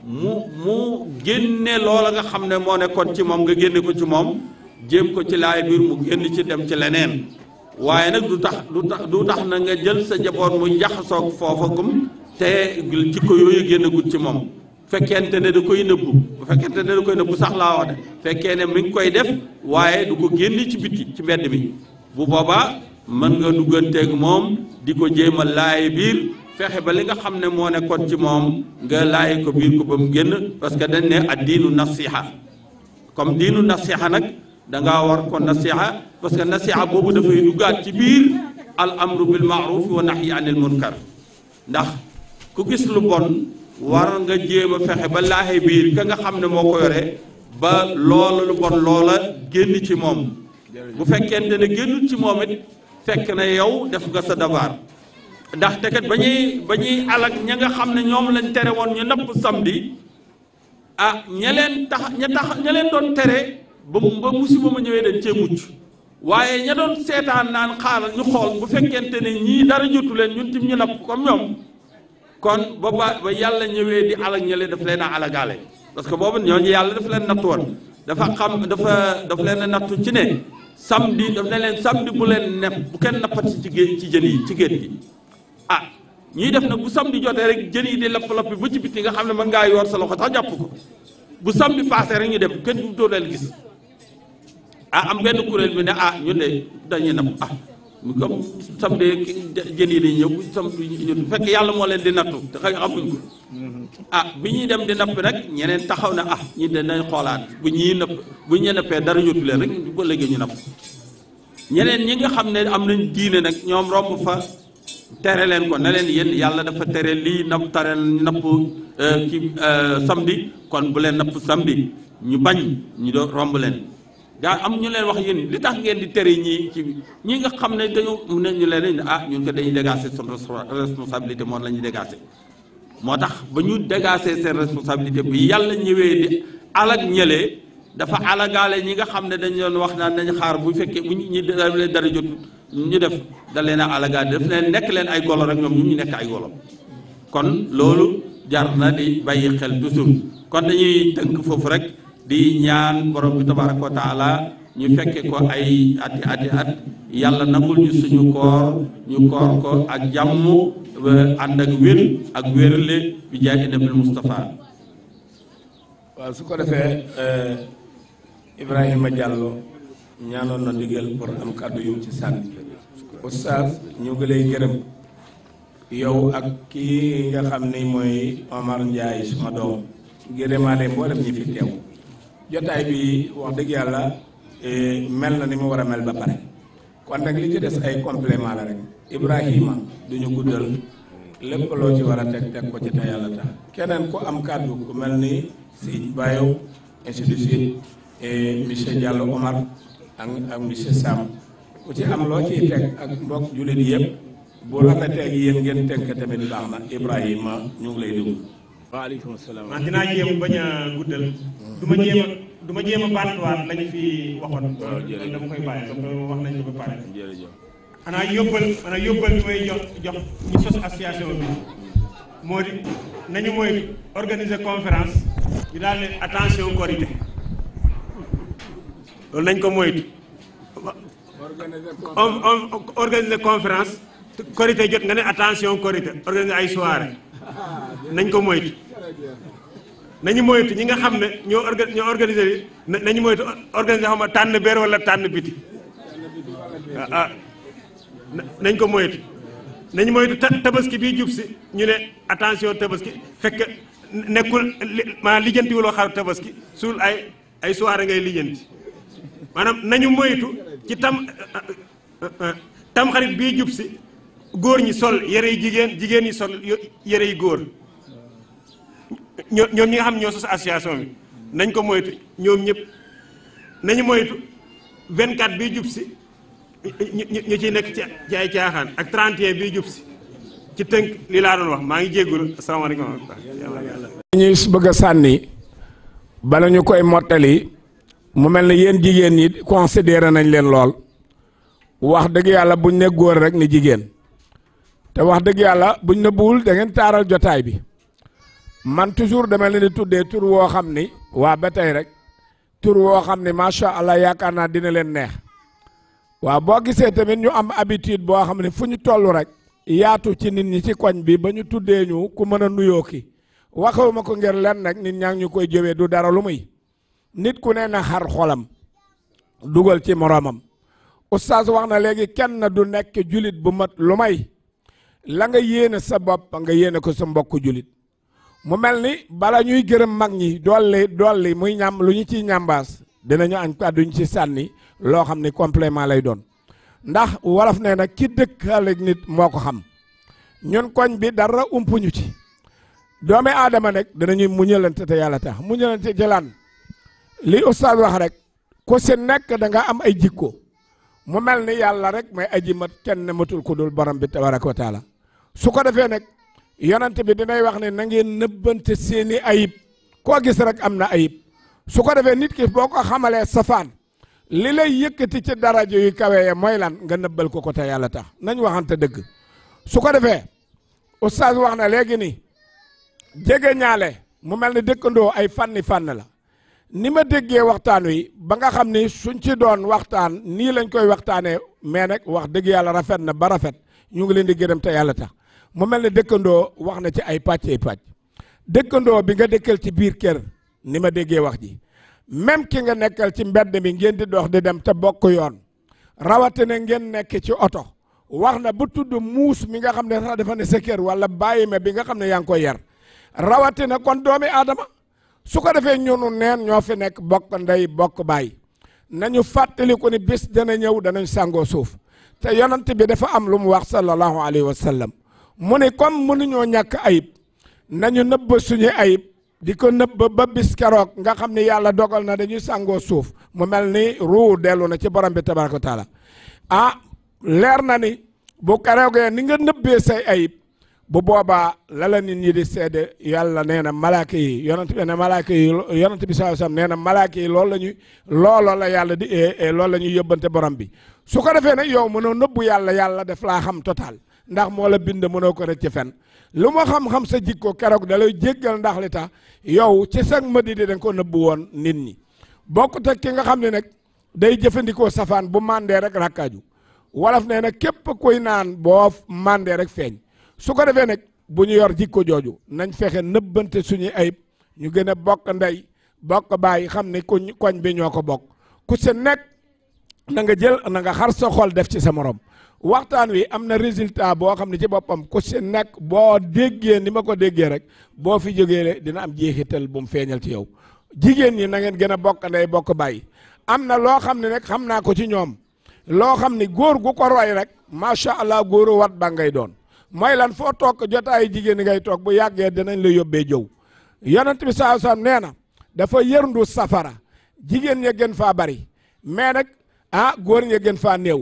mu mu génne loola nga xam ne moo nekkoon ci moom nga génne ko ci moom jéem ko ci laay biir mu génn ci dem ci leneen waaye nag du tax du tax du tax na nga jël sa jaboot mu njaxasoog foofa kum te jikko yooyu génn gut ci moom fekkente ne da koy nëbbu bu fekkente ne da koy nëbbu sax laa wax de fekkee ne mi ngi koy def waaye du ko génn ci biti ci mbedd bi bu boobaa mën nga dugganteeg moom di ko jéem a laay biir fexe ba li nga xam ne moo nekkoon ci moom nga laaye ko biir ko ba mu génn parce que dañ ne ak diinu nasiha comme diinu nasiha nag danga war ko nasiha parce que nasiha boobu dafay duggaat ci biir al amru bil maaruf wa nahyi anil munkar ndax ku gis lu bon war nga jéem a fexe ba laaxe biir ka nga xam ne moo ko yore ba loola lu bon loola génn ci moom bu fekkente ne génnul ci moom it fekk na yow def nga sa dabar ndax kat ba ñuy ba ñuy alak ña nga xam ne ñoom lañ tere woon ñu napp samedi ah ña leen tax ña tax ña leen doon tere ba mu ba musiba ma ñëwee dañ cee mucc waaye ña doon seetaan naan xaaral ñu xool bu fekkente ne ñii dara jotu leen ñun tim ñu napp comme ñoom kon ba ba yàlla ñëwee di alak ña leen daf leen a alagaale parce que boobu ñooñu yàlla dafa leen natt woon dafa xam dafa dafa leen nattu ci ne samedi daf ne leen samedi bu leen nepp bu kenn nappati ci géej ci jën yi ci géej gi ñuy def nag bu samedi jotee rek jën yi di lapp-lappi ba ci biti nga xam ne mën ngaa yor sa loxo sax jàpp ko bu samedi passé rek ñu dem kenn du dooleel gis ah am benn kuréel bi ne ah ñu ne dañuy nam ah comme samedi jën yi dañuy ñëw bu samedi ñu fekk yàlla moo leen di nattu te xëy xamuñ ko ah bi ñuy dem di napp nag ñeneen taxaw na ah ñu de nañ xoolaat bu ñuy napp bu ñu nappee dara jotu leen rek bu léegi ñu napp ñeneen ñi nga xam ne am nañ diine nag ñoom romb fa tere leen ko na leen yéen yàlla dafa tere lii napp tere napp ci euh, euh, samedi kon bu leen napp samedi ñu bañ ñu do romb leen gaa am ñu leen wax yéen li tax ngeen di tere ñii ci ñi nga xam ne dañu ne ñu leen ne ah ñun ko dañuy dégager seen responsabilité moom la ñuy dégager moo tax ba ñu dégager seen responsabilité bi yàlla ñëwee di alak ñëlee dafa alagaale ñi nga xam ne dañu doon wax naan nañ xaar bu fekkee bu ñu dara jot ñu def da leen a alagaale daf leen nekk leen ay golo rek ñoom ñu nekk ay golo kon loolu jar na di bàyyi xel toujours kon dañuy tënk foofu rek di ñaan borom bi tabaraka wa ñu fekke ko ay ati ati at yàlla nangul ñu suñu koor ñu koor ko ak jàmm ànd ak wér ak wérle bi jaay nabil waaw su ko defee euh, Ibrahima Diallo ñaanoon na ndigal pour am kàddu yu ci sànni oustaz ñu ngi gërëm yow ak kii nga xam ni mooy Omar Ndiaye suma doom gërëmaale mboolem ñi fi teew jotaay bi wax dëgg yàlla eh, mel na ni mu war a mel ba pare kon nag li ci des ay complément la rek Ibrahima du ñu guddal lépp loo ci war a teg teg ko ci te yàlla tax keneen ku am kàddu ku mel ni si bayo ainsi de suite et monsieur Diallo Omar ak ak monsieur Sam ku ci am loo ciy teg ak mbokk jullit yëpp bu rafetee ak yéen ngeen teg tamit baax na Ibrahima ñu ngi lay déglu. dinaa jéem bañ a guddal. du ma jéem a du ma jéem a baatuwaat lañ wax nañ ko ba pare. jërëjëf. xanaa yóbbal xanaa yóbbal bi may jox jox ñu sos association bi di nañu mooy organiser attention korité loolu nañ ko moytu organiser conférence korité jot nga ne attention korité organiser ay soirée nañ ko moytu nañu moytu ñi nga xam ne ñoo ñoo organiser nañu moytu organiser xam nga tànn beer wala tànn biti ah, ah. nañ ko moytu nañu moytu tabaski bii jub si ñu ne attention tabaski fekk nekkul ma lijjantiwuloo xaru tabaski suul ay ay soirée ngay lijjanti maanaam nañu moytu ci tam tamxarit bii jub si góor ñi sol yére yi jigéen jigéen ñi sol yére yi góor ñoo ñoom ñi nga xam ñoo sos association bi nañ ko moytu ñoom ñëpp nañu moytu 24 bii jub si ñu ci nekk ci ay caaxaan ak 31 bii jub si ci tënk li laa doon wax maa ngi jéggul asalaamaaleykum wa rahmatulah ñuy bëgg a sànni bala ñu koy mottali mu mel ne yéen jigéen ñi considéré nañ leen lool wax dëgg yàlla buñ ne góor rek ni jigéen te wax dëgg yàlla buñ ne buul da ngeen taaral jotaay bi man toujours dama leen tuddee tur woo xam ni waa ba tey rek tur woo xam ni macha allah yaakaar naa dina leen neex waaw boo gisee tamit ñu am habitude boo xam ne fu ñu toll rek yaatu ci nit ñi ci koñ bi ba ñu tuddee ñu ku mën a nuyoo ki waxewuma ko ngir len nag nit ñaa ñu koy jëwee du dara lu muy nit ku ne na xar xolam dugal ci moroomam oustaz wax na léegi kenn du nekk julit bu mat lu may la nga yéene sa bopp nga yéene ko sa mbokku julit mu mel ni bala ñuy gërëm mag ñi dolli dolli muy ñam lu ñu ciy ñambaas dinañu añ kàdduñ ci sànni loo xam ni complément lay doon ndax wolof nee na ki dëkkaaleeg nit moo ko xam ñun koñ bi dara umpuñu ci doomi aadama nekk dinañuy muñalante te yàlla tax muñalante ci lan li ustaas wax rek ku si nekk da nga am ay jikko mu mel ni yàlla rek may aji mat kenn matul ku dul borom bi tabaraka wa taala su ko defee nag yonent bi dinay wax ne na ngeen nëbbante seeni ayib koo gis rek am na ayib su ko defee nit ki boo ko xamalee safaan li lay yëkkati ci daraja yu kawee mooy lan nga nëbbal ko ko te yàlla tax nañ waxante dëgg su ko defee ustaas wax na léegi ni jege ñaale mu mel ni dëkkandoo ay fànni fànn la ni ma déggee waxtaan wi ba nga xam ni suñ ci doon waxtaan nii lañ koy waxtaanee mais nag wax dëgg yàlla rafet na ba rafet ñu ngi leen di gërëm te yàlla tax mu mel ne dëkkandoo wax na ci ay pàcc pàcc dëkkandoo bi nga dëkkal ci biir kër ni ma déggee wax ji même ki nga nekkal ci mbedd mi ngeen di dox di dem te bokk yoon rawatina ngeen nekk ci oto wax na bu tudd muus mi nga xam ne sax dafa ne sa kër wala bàyyi ma bi nga xam ne yaa ngi koy yar su ko defee ñunu neen ñoo fi nekk bokk ndey bokk baay nañu fàttali ko ni bis dana ñëw danañ sàngoo suuf te yonent bi dafa am lu mu wax sallallahu alayhi wa sallam mu ni comme mënuñoo ñàkk ayib nañu nëbb suñu ayib di ko nëbba ba bis keroog nga xam ni yàlla dogal na dañuy sàngoo suuf mu mel ni ruu dellu na ci borom bi tabaraka wa taala ah, leer na ni bu keroogee ni nga nëbbee say ayib bu boobaa la la nit ñi di seede yàlla nee na malaaka yi yonent bi ne malaaka yi yonent bi sallallahu alayhi na malaaka yi loolu la ñuy looloo la yàlla di eh, eh, loolu la ñuy yóbbante borom bi su ko defee nag yow mënoo nëbbu yàlla yàlla def laa xam total ndax moo la bind mënoo ko rëcc fenn lu ma xam-xam sa jikko keroog da lay jéggal ndax li tax yow ci sag mëdi di da nga ko nëbbu woon nit ñi bokkut ak ki nga xam ne nag day jëfandikoo safaan bu màndee rek rakkaaju wolof nee na képp kuy naan boo mandee rek feeñ su ko defee nag bu ñu yor jikko jooju nañ fexe nëbbante suñuy ayib ñu gën a bokk ndey bokk bàyyi xam ne kuñ koñ bi ñoo ko bokk ku si nekk na nga jël na nga xar sa xol def ci sa morom waxtaan wi am na résultat boo xam ne ci boppam ku si nekk boo déggee ni ma ko déggee rek boo fi jógee dina am jeexital bu mu feeñal ci yow jigéen ñi na ngeen gën a bokk ndey bokk bàyyi am na loo xam ne nag xam naa ko ci ñoom loo xam ne góor gu ko roy rek macha allah góoru wat ba ngay doon. mooy lan foo toog jotaayu jigéen ngay toog bu yàggee dinañ la yóbbee jëw yonent bi saa sam nee na dafa yërndu safara jigéen ña gën faa bari mais nag ah góor ñee gën faa néew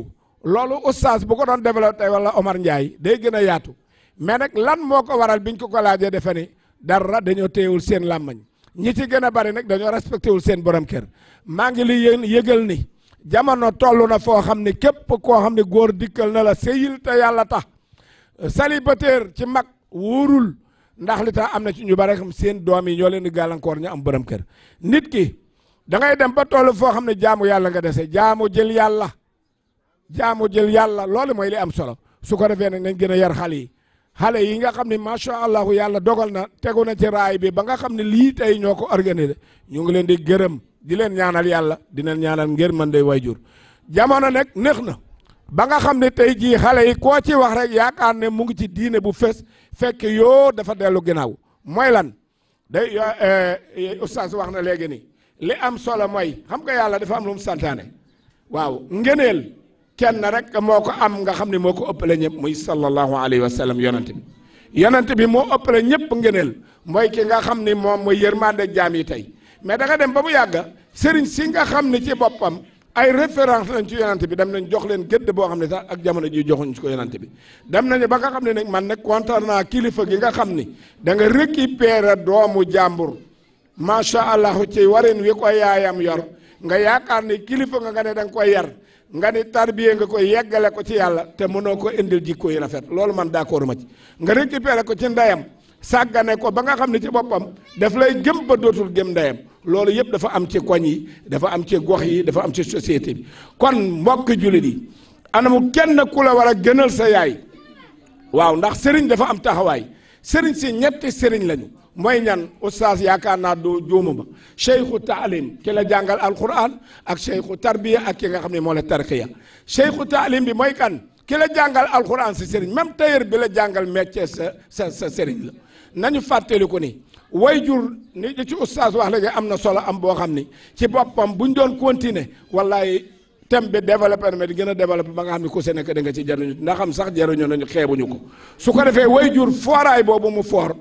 loolu oustaz bu ko doon développé wala Omar Ndiaye day gën a yaatu mais nag lan moo ko waral biñ ko ko laajee defe ni dara dañoo téyewul seen làmmañ ñi ci gën a bari nag dañoo respecté wul seen borom kër maa ngi li yëgal ni jamono toll na foo xam ne képp koo xam ne góor dikkal na la séyil te yàlla tax célibataire ci mag wóorul ndax li tax am na ci ñu bare xam seen doom yi ñoo leen di gàllankoor ñu am borom kër nit ki da ngay dem ba toll foo xam ne jaamu yàlla nga dese jaamu jël yàlla jaamu jël yàlla loole mooy li am solo su ko defee nag nañ gën a yar xale yi xale yi nga xam ne macha allah yàlla dogal na tegu na ci raay bi ba nga xam ne lii tey ñoo ko organisé ñu ngi leen di gërëm di leen ñaanal yàlla di nen ñaanal ngir mën day wayjur jamono nag neex na. ba nga xam ne tey jii xale yi koo ci wax rek yaakaar ne mu ngi ci diine bu fees fekk yoo dafa dellu ginnaaw mooy lan day eh, oustaz wax na léegi nii li am solo mooy xam nga yàlla dafa am lu mu santaane waaw ngëneel kenn rek moo ko am nga xam ne moo ko ëppale ñëpp muy sallallahu alayhi wa sallam yonent bi yonent bi moo ëppale ñëpp ngëneel mooy ki nga xam ni moom mooy yërmande jaam yi tey mais da dem ba mu yàgg sëriñ si nga xam ni ci boppam ay référence lañ ci yonante bi dem nañ jox leen gëdd boo xam ne sax ak jamono ji joxuñ ci ko yonante bi dem nañu ba nga xam ne nag man nag kontaan naa kilifa gi nga xam ni da nga récupérer doomu jàmbur macha allah ci warin wi ko yaayam yor nga yaakaar ni kilifa nga nga ne da nga koy yar nga ni tarbiye nga koy yeggale ko ci yàlla te mënoo ko indil jikko yu rafet loolu man d'accord ma ci nga récupérer ko ci ndeyam sàggane ko ba nga xam ne ci boppam daf lay gëm ba dootul gëm ndeyam loolu yëpp dafa am ci koñ yi dafa am ci gox yi dafa am ci societé bi kon mbokk jullit yi anamu kenn ku la war a gënal sa yaay waaw ndax sëriñ dafa am taxawaay sëriñ si ñetti sëriñ lañu mooy ñan oustaz yaakaar naa doo jóoma ma cheikhu taalim ki la jàngal alquran ak cheikhu tarbiya ak ki nga xam ne moo la tarqiya cheikhu taalim bi mooy kan ki la jàngal alquran si sëriñ même tailleur bi la jàngal métier sa sa sa sëriñ la nañu fàttaliku ni way jur ni ci oustaz wax léegi am na solo am boo xam ni ci boppam bu ñu doon continuer wallaay thème bi développé na di gën a développé ba nga xam ne ku si nekk da nga ci jaruñu ndax xam sax jaruñu nañu xeebuñu ko su ko defee way jur fooraay boobu mu foor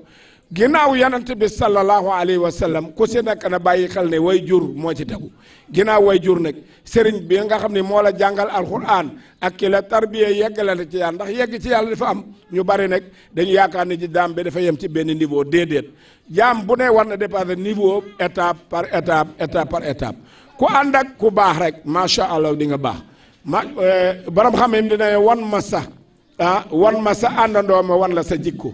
ginnaaw yonent bi sallallahu alayhi wa sallam ku si nekk na bàyyi xel ne way jur moo ci tegu ginnaaw way jur nag sëriñ bi nga xam ni moo la jàngal alquran ak ki la tarbiya yeggale la ci yàlla ndax yegg ci yàlla dafa am ñu bari nag dañu yaakaar ne ci daam bi dafa yem ci benn niveau déedéet jaam bu ne war na dépasser niveau étape par étape étape par étape ku ànd ak ku baax rek macha allah dinga baax ma eh, borom xam ne dina wan ma sa ah wan ma sa àndandoo ma wan la sa jikko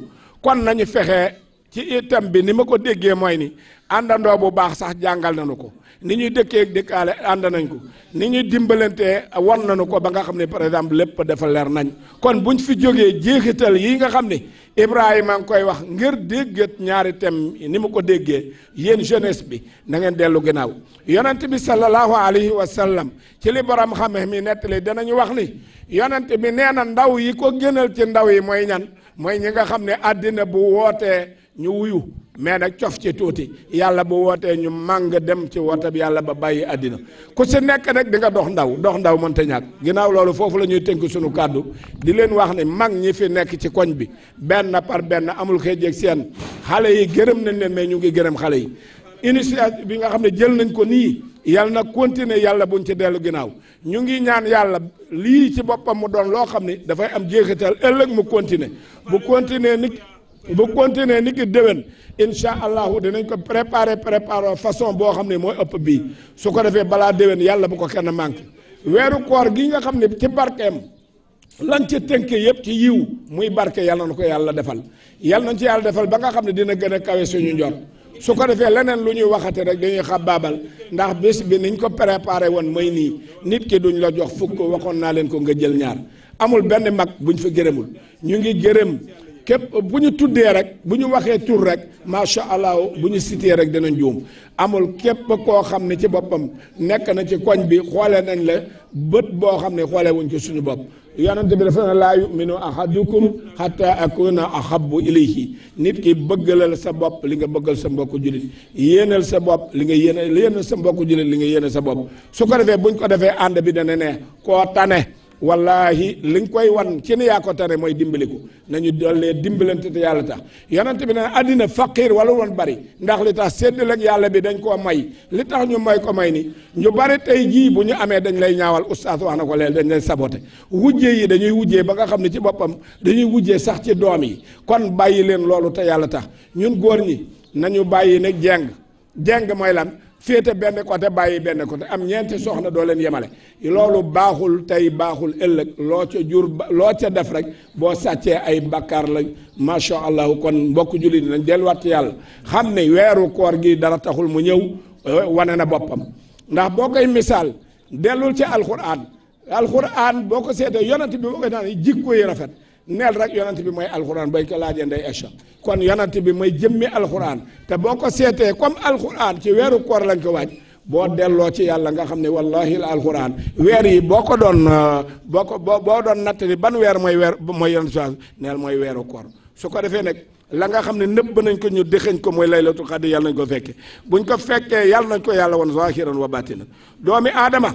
ci itam bi ni ma ko déggee mooy ni àndandoo bu baax sax jàngal nañu ko ni ñuy dëkkee dëkkaale ànd nañ ko ni ñuy dimbalantee wan nañu ko ba nga xam ne par exemple lépp defal leer nañ kon bu ñu fi jógee jeexital yi nga xam ne Ibrahima ngi koy wax ngir déggat ñaari tem ni ma ko déggee yéen jeunesse bi na ngeen dellu ginnaaw yonent bi sallallahu alayhi wa sallam ci li borom xam-xam mi nettali danañu wax ni yonent bi nee na ndaw yi ko gënal ci ndaw yi mooy ñan mooy ñi nga xam ne àddina bu wootee ñu wuyu mais nag cof ci tuuti yàlla bu wootee ñu màng dem ci wootab yàlla ba bàyyi àddina ku si nekk nag di nga dox ndaw dox ndaw mënta ñàkk ginnaaw loolu foofu la ñuy tënk suñu kàddu di leen wax ne mag ñi fi nekk ci koñ bi benn par benn amul xëy jeeg seen xale yi gërëm nañ leen mais ñu ngi gërëm xale yi initiative bi nga xam ne jël nañ ko nii yàlla na continuer yàlla buñ ci dellu ginnaaw ñu ngi ñaan yàlla lii ci boppam mu doon loo xam ne dafay am jeexital ëllëg mu continuer bu continuer nit bu continuer ni ki déwén incha allahu dinañ ko préparer préparer façon boo xam ne mooy ëpp bii su ko defee balaa déwén yàlla bu ko kenn manqué weeru koor gi nga xam ne ci barkeem lan ci tënke yëpp ci yiw muy barke yàlla na ko yàlla defal yàlla nañ ci yàlla defal ba nga xam ne dina gën a kawe suñu njor su ko defee leneen lu ñuy waxate rek dañuy xabaabal ndax bés bi niñ ko préparé woon mooy nii nit ki duñ la jox fukk waxoon naa leen ko nga jël ñaar amul benn mag buñ fa gërëmul ngi képp bu ñu tuddee rek bu ñu waxee tur rek macha allah bu ñu sitee rek dana juum amul képp koo xam ne ci boppam nekk na ci koñ bi xoolee nañ la bët boo xam ne xoolee wuñ ko suñu bopp yonent bi dafa ne laa yu yuminu a xab akuna ahabbu ilayhi nit ki bëggalal sa bopp li nga bëggal sa mbokku jullit yéenal sa bopp li nga yéene yéenal sa mbokku jullit li nga yéene sa bopp su ko defee buñ ko defee ànd bi dana ne koo tane wallaahi li nga koy wan ci ne yaa ko tane mooy dimbali ko nañu dollee dimbalante te yàlla tax yonent bi ne àddina faqiir wala woon bari ndax li tax séddale ak yàlla bi dañ koo may li tax ñu may ko may nii ñu bari tey jii bu ñu amee dañ lay ñaawal ustaas wax na ko leen dañ lay saboote wujjee yi dañuy wujjee ba nga xam ne ci boppam dañuy wujjee sax ci doom yi kon bàyyi leen loolu te yàlla tax ñun góor ñi nañu bàyyi nag jeng jeng moy lan féete benn côté bàyyi benn côté am ñeenti soxna doo leen yemale loolu baaxul tey baaxul ëllëg loo ca jur loo ca def rek boo sàccee ay bàkkaar lañ macha allah kon mbokk jullit nañ delluwaat ci yàlla xam ne weeru koor gi dara taxul mu ñëw eh, wane na boppam ndax boo koy misaal dellul ci alxuraan alxuraan boo ko seetee yonent bi boo koy naan jikko yi rafet. neel rek yonent bi mooy alxuraan bay ko laajee nday Aïcha kon yonent bi mooy jëmmi alxuraan te boo ko seetee comme alxuraan ci weeru koor lañ ko waaj boo delloo ci yàlla nga xam ne wallahi la alxuraan weer yi boo ko doon euh, boo ko boo boo doon natt ni ban weer mooy weer mooy yonent bi neel mooy weeru koor su ko defee nag la nga xam ne nëbb nañ ko ñu dëxëñ ko mooy laylatul xadr yàlla nañ ko fekke buñ ko fekkee yàlla nañ ko yàlla woon zahiran wa batinan doomi aadama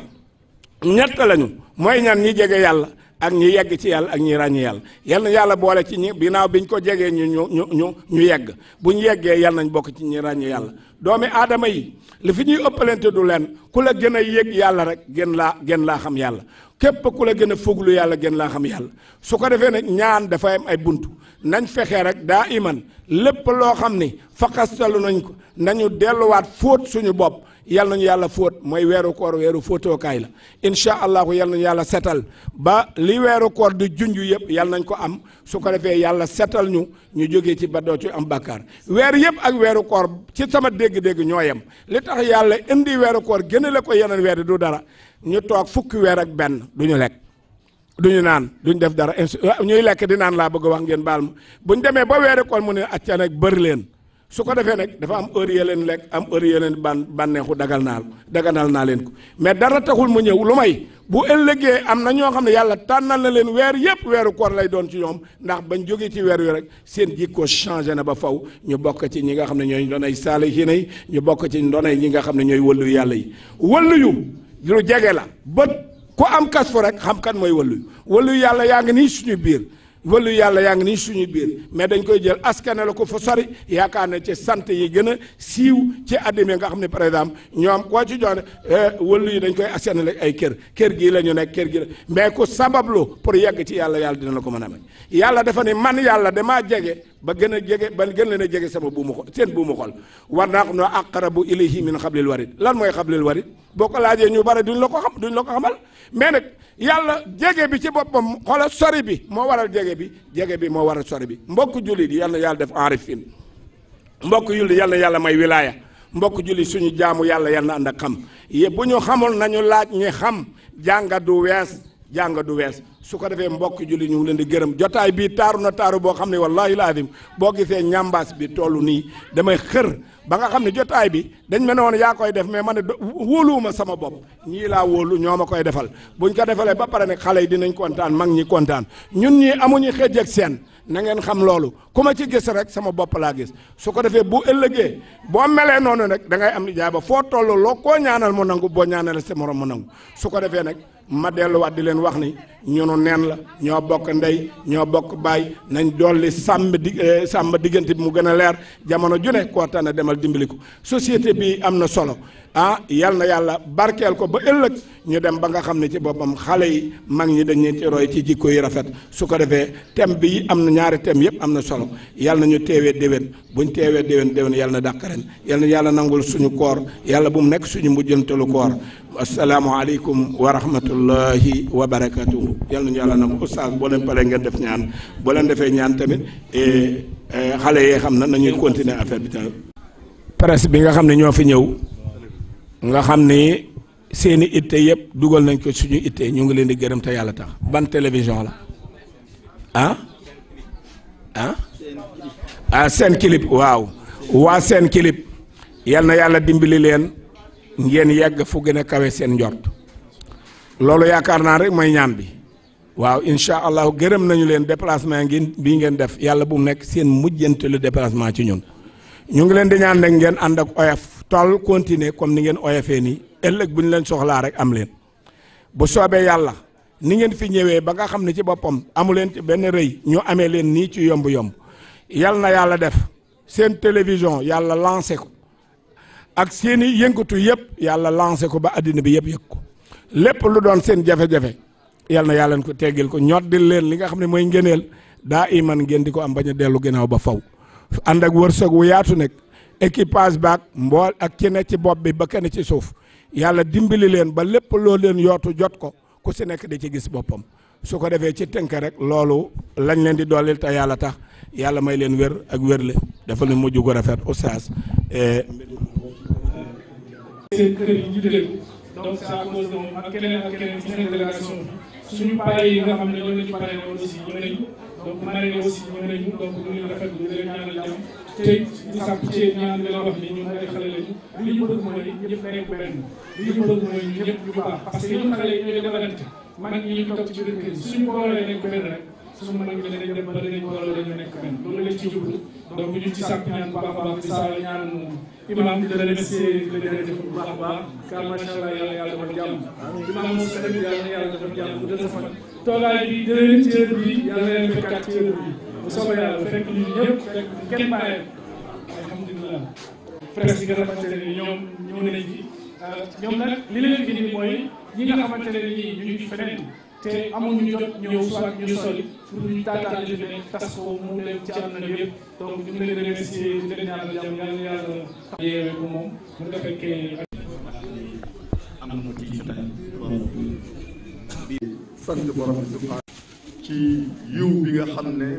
ñett lañu mooy ñan ñi yàlla ak ñi yegg ci yàlla ak ñi ràññi yàlla yal na yàlla boole ci ñi ginnaaw biñ ko jegee ñu ñu ñu ñu ñu yegg bu ñu yeggee yal nañ bokk ci ñi ràññi yàlla doomi aadama yi li fi ñuy ëppalante du leen ku la gën a yëg yàlla rek gën laa gën laa xam yàlla képp ku la gën a fuglu yàlla gën laa xam yàlla su ko defee nag ñaan dafa am ay buntu nañ fexee rek daa iman lépp loo xam ni faqastalu nañ ko nañu delluwaat fóot suñu bopp yal nañu yàlla fóot mooy weeru koor weeru fóotookaay la incha allahu yal nañu yàlla setal ba li weeru koor di junj yëpp yal nañ ko am su ko defee yàlla setal ñu ñu jógee ci ba doo ci am bàkkaar weer yëpp ak weeru koor ci sama dégg-dégg ñoo yem li tax yàlla indi weeru koor gëna la ko yeneen weer du dara ñu toog fukki weer ak benn du ñu lekk du ñu naan du ñu def dara ñuy lekk di naan laa bëgg wax ngeen baal ma bu ñu demee ba weeru koor mu ne acca nag bëri leen su ko defee nag dafa am heure ya leen lekk am heure ya leen ban bànneexu dagal naa daganal naa leen ko mais dara taxul mu ñëw lu may bu ëllëgee am na ñoo xam ne yàlla tànnal na leen weer yëpp weeru koor lay doon ci ñoom ndax bañ jógee ci weer wi rek seen jikko changé na ba faw ñu bokk ci ñi nga xam ne ñooy doonay saalihiina yi ñu bokk ci doonay ñi nga xam ne ñooy wëllu yàlla yi wëllu yu lu jege la bët ku am kas fu rek xam kan mooy wëllu wëllu yàlla yaa ngi nii suñu biir wëllu yàlla yaa ngi nii suñu biir mais dañ koy jël askane la ko fa sori yaakaar na ci sant yi gën a siiw ci àddina nga xam ne par exemple ñoom koo ci jox eh, wëllu yi dañ koy askanale ay kër kër gii la ñu nekk kër gi la mais ku sabablu pour yegg ci yàlla yàlla dina la ko mën a may yàlla dafa ne man yàlla damaa jege ba gën a jege ba gën leen a jege sama buumu xol seen buumu xol war naa ko noo aqrabu ilayhi min xablil warid lan mooy xablil warid boo ko laajee ñu bare du la ko xam duñ la ko xamal mais nag yàlla jege bi ci boppam xoola sori bi moo waral jege bi jege bi moo waral sori bi mbokk jullit yal yàlla def arifin mbokk jullit yal yàlla may wilaaya mbokk jullit suñu jaamu yàlla yal na ak xam bu ñu xamul nañu laaj ñi xam jàngat du wees jàng du wees su ko defee mbokk julli ñu leen di gërëm jotaay bii taaru na taaru boo xam ne wallaahi laadim boo gisee ñàmbaas bi tollu nii damay xër ba nga xam ne jotaay bi dañ ma ne woon yaa koy def mais ma ne wóoluwuma sama bopp ñii laa wóolu ñoo ma koy defal buñ ko defalee ba pare nag xale yi dinañ kontaan mag ñi kontaan ñun ñii amuñu xëj seen na ngeen xam loolu ku ma ci gis rek sama bopp laa gis su ko defee bu ëllëgee boo melee noonu nag da ngay am ijaaba foo toll loo koo ñaanal mu nangu boo ñaanale sa morom mu nangu su ko defee nag ma delluwaat di leen wax ni ñunu neen la ñoo bokk ndey ñoo bokk baay nañ dolli sàmm di eh, sàmm diggante bi mu gën a leer jamono ju ne koo tànn demal ko société bi am na solo ah yal na yàlla barkeel ko ba ëllëg ñu dem ba nga xam ne ci boppam xale yi mag ñi dañ leen ci roy ci jikko yi rafet su ko defee thème bi am na ñaari thème yëpp am na solo yal na ñu teewee déwén bu teewee déwén déwén yal na dàq yal na yàlla nangul suñu koor yàlla bu mu nekk suñu mujjantelu koor asalaamualeykum wa rahmatullahi wa barakatuh nangu yal nañu yàlla nangu oustaz boo leen paree ngeen def ñaan boo leen defee ñaan tamit eh, eh, xale yee xam na nañuy continuer affaire bi tamit. presse bi nga xam ne ñoo fi ñëw nga xam ni seeni itte yëpp dugal nañ ko suñu itte ñu ngi leen di gërëm te yàlla tax ban télévision la ah ah ah seen clip waaw waa seen clip yal na yàlla dimbali leen ngeen yàgg fu gën a kawe seen njort loolu yaakaar naa rek mooy ñaan bi waaw incha allahu gërëm nañu leen déplacement ngi bii ngeen def yàlla bu mu nekk seen mujjantelu déplacement ci ñun ñu ngi leen di ñaan nag ngeen ànd ak oyof toll continuer comme ni ngeen oyofee nii ëllëg bu ñu leen soxlaa rek am leen bu soobee yàlla ni ngeen fi ñëwee ba nga xam ne ci boppam amu leen ci benn rëy ñu amee leen nii ci yomb-yomb yal na yàlla def seen télévision yàlla lancé ko ak seeni i yëngatu yëpp yàlla lancé ko ba àddina bi yëpp yëg ko lépp lu doon seen jafe-jafe yal na yàlla ko teggil ko ñoddil leen li nga xam ne mooy ngëneel daa iman ngeen di ko am bañ a dellu ginnaaw ba faw ànd ak wërsëg wu yaatu nag équipage baak mbool ak ci ne ci bopp bi ba kenn ci suuf yàlla dimbali leen ba lépp loo leen yootu jot ko ku si nekk di ci gis boppam su ko defee ci tënk rek loolu lañ leen di dooleel te yàlla tax yàlla may leen wér ak wérle dafa ne mujj gu rafet oustaz eh, suñu pare yi nga xam ne ñoom la ñu pare woon aussi ñëw nañu donc marraine yi aussi ñëw nañu donc ñu ngi rafetlu di leen ñaanal jàmm tey ñu sàpp ci ñaan di la wax ni ñun ay xale lañu li ñu bëgg mooy ñëpp nekk benn li ñu bëgg mooy ñu ñëpp ñu baax parce que ñun xale yi ñooy demalante man ñi ñu toog ci biir kër yi suñu boolee nekk benn rek suñu mag bi danañ dem ba danañ boole dañu nekk benn loolu lañ ci jublu donc ñu ci sàkk ñaan bu baax a baax di saa ñaan imam di la remercier di la def bu baax a baax car macha allah yàlla yàlla dafa jàmm imam moom sa tamit yàlla yàlla dafa jàmm bu dana fan toogaay bi dana leen ci heure bi yàlla leen fekkaat ci heure bi bu soobee yàlla fekk ñu ñëpp fekk kenn bàyyi alhamdulilah presse yi nga xamante ne ni ñoom ñëw nañ fi ah, ñoom nag li leen fi ni mooy ñi nga xamante ne ni ñu ngi feneen te amuñu jot ñëw soit ñu soli pour ñu taataan li fi tas ko mu dem ci àdduna bi yëpp donc ñu ngi leen remercier di moom bu nga fekkee am na nga xam ne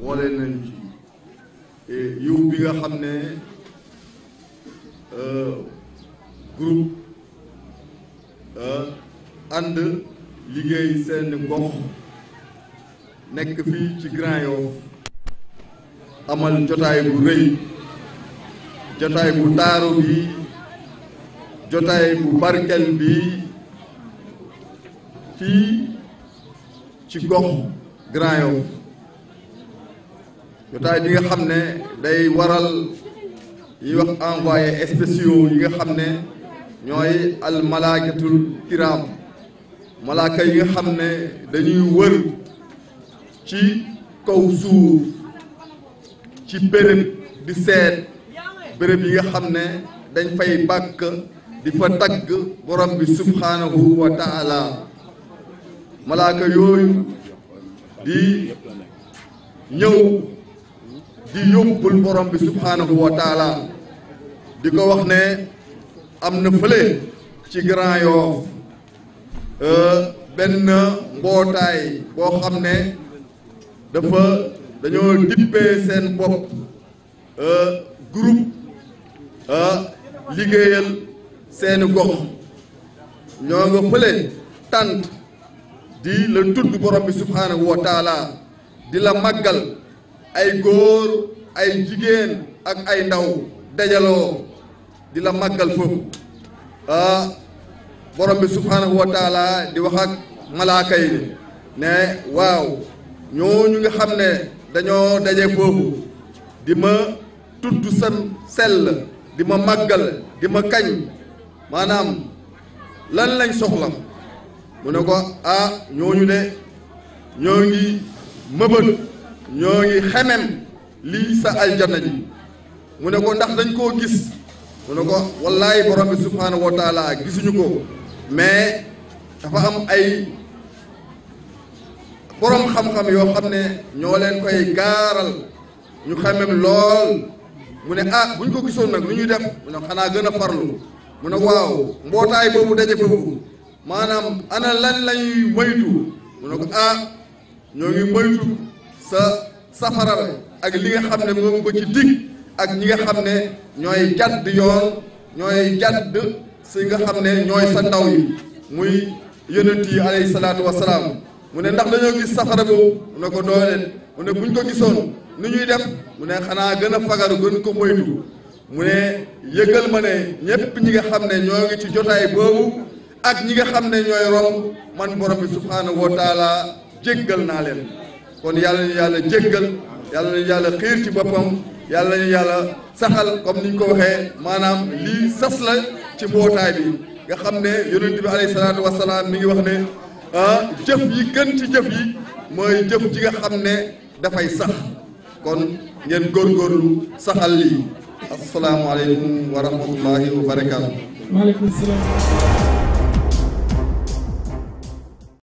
boole nañ ci yiw bi nga xam ne euh, groupe euh, ànd liggéey seen gox nekk fii ci Grand Yoff amal jotaay bu rëy jotaay bu taaru bi jotaay bu barkel bi fii ci gox Grand Yoff jotaay bi nga xam ne day waral yi wax envoyé spéciaux yi nga xam ne ñooy almalaakatul kiram malaaka yi nga xam ne dañuy wër ci kaw suuf ci béréb di seet béréb yi nga xam ne dañ fay bàkk di fa tagg borom bi subhaanahu wa taala malaaka yooyu di ñëw di yóbbul borom bi subhaanahu wa di ko wax ne am na fële ci Grand Yoff Euh, benn mbootaay boo xam ne dafa dañoo dippee seen bopp euh, groupe euh, liggéeyal seeni gox ñoo nga fële tànt di la tudd borom bi subhaanahu wa di la màggal ay góor ay jigéen ak ay ndaw dajaloo di la màggal foofu ah, borom bi subhaanahu wa taala di wax ak malaaka yi ne waaw ñooñu nga xam ne dañoo daje foofu di ma tudd san sell di ma màggal di ma kañ maanaam lan lañ soxla mu ne ko ah ñooñu de ñoo ngi mëbët ñoo ngi xemem lii sa aljana ji mu ne ko ndax dañ koo gis mu ne ko wallaahi borom bi subhaanahu wa gisuñu ko mais dafa am ay borom xam-xam yoo xam ne ñoo leen koy gaaral ñu xamem lool mu ne ah bu ñu ko gisoon nag lu ñuy def mu ne xanaa gën a farlu mu ne waaw mbootaay boobu daje foofu maanaam ana lan lañuy moytu mu ne ko ah ñoo ngi moytu sa safara ak li nga xam ne moom ko ci dig ak ñi nga xam ne ñooy jadd yoon ñooy jadd si nga xam ne ñooy sa ndaw yi muy yonent yi alayhi salaatu wasalaam mu ne ndax dañoo gis safara boobu mu ne ko dooleen mu ne buñ ko gisoon ni ñuy def mu ne xanaa gën a fagaru gën ko moytu mu ne yëgal ma ne ñëpp ñi nga xam ne ñoo ngi ci jotaay boobu ak ñi nga xam ne ñooy romb man borom bi subhaanahu wa jéggal naa leen kon yàlla ñu yàlla jéggal yàlla ñu yàlla xiir ci boppam yàlla ñu yàlla saxal comme ni ñu ko waxee maanaam lii sas la ci mbootaay bi nga xam ne yonent bi alayhi salaatu wasalaam mi ngi wax ne ah jëf yi gën ci jëf yi mooy jëf ji nga xam ne dafay sax kon ngeen góorgóorlu saxal lii asalaamualeykum wa rahmatullahi wa barakaatu. waaleykum salaam.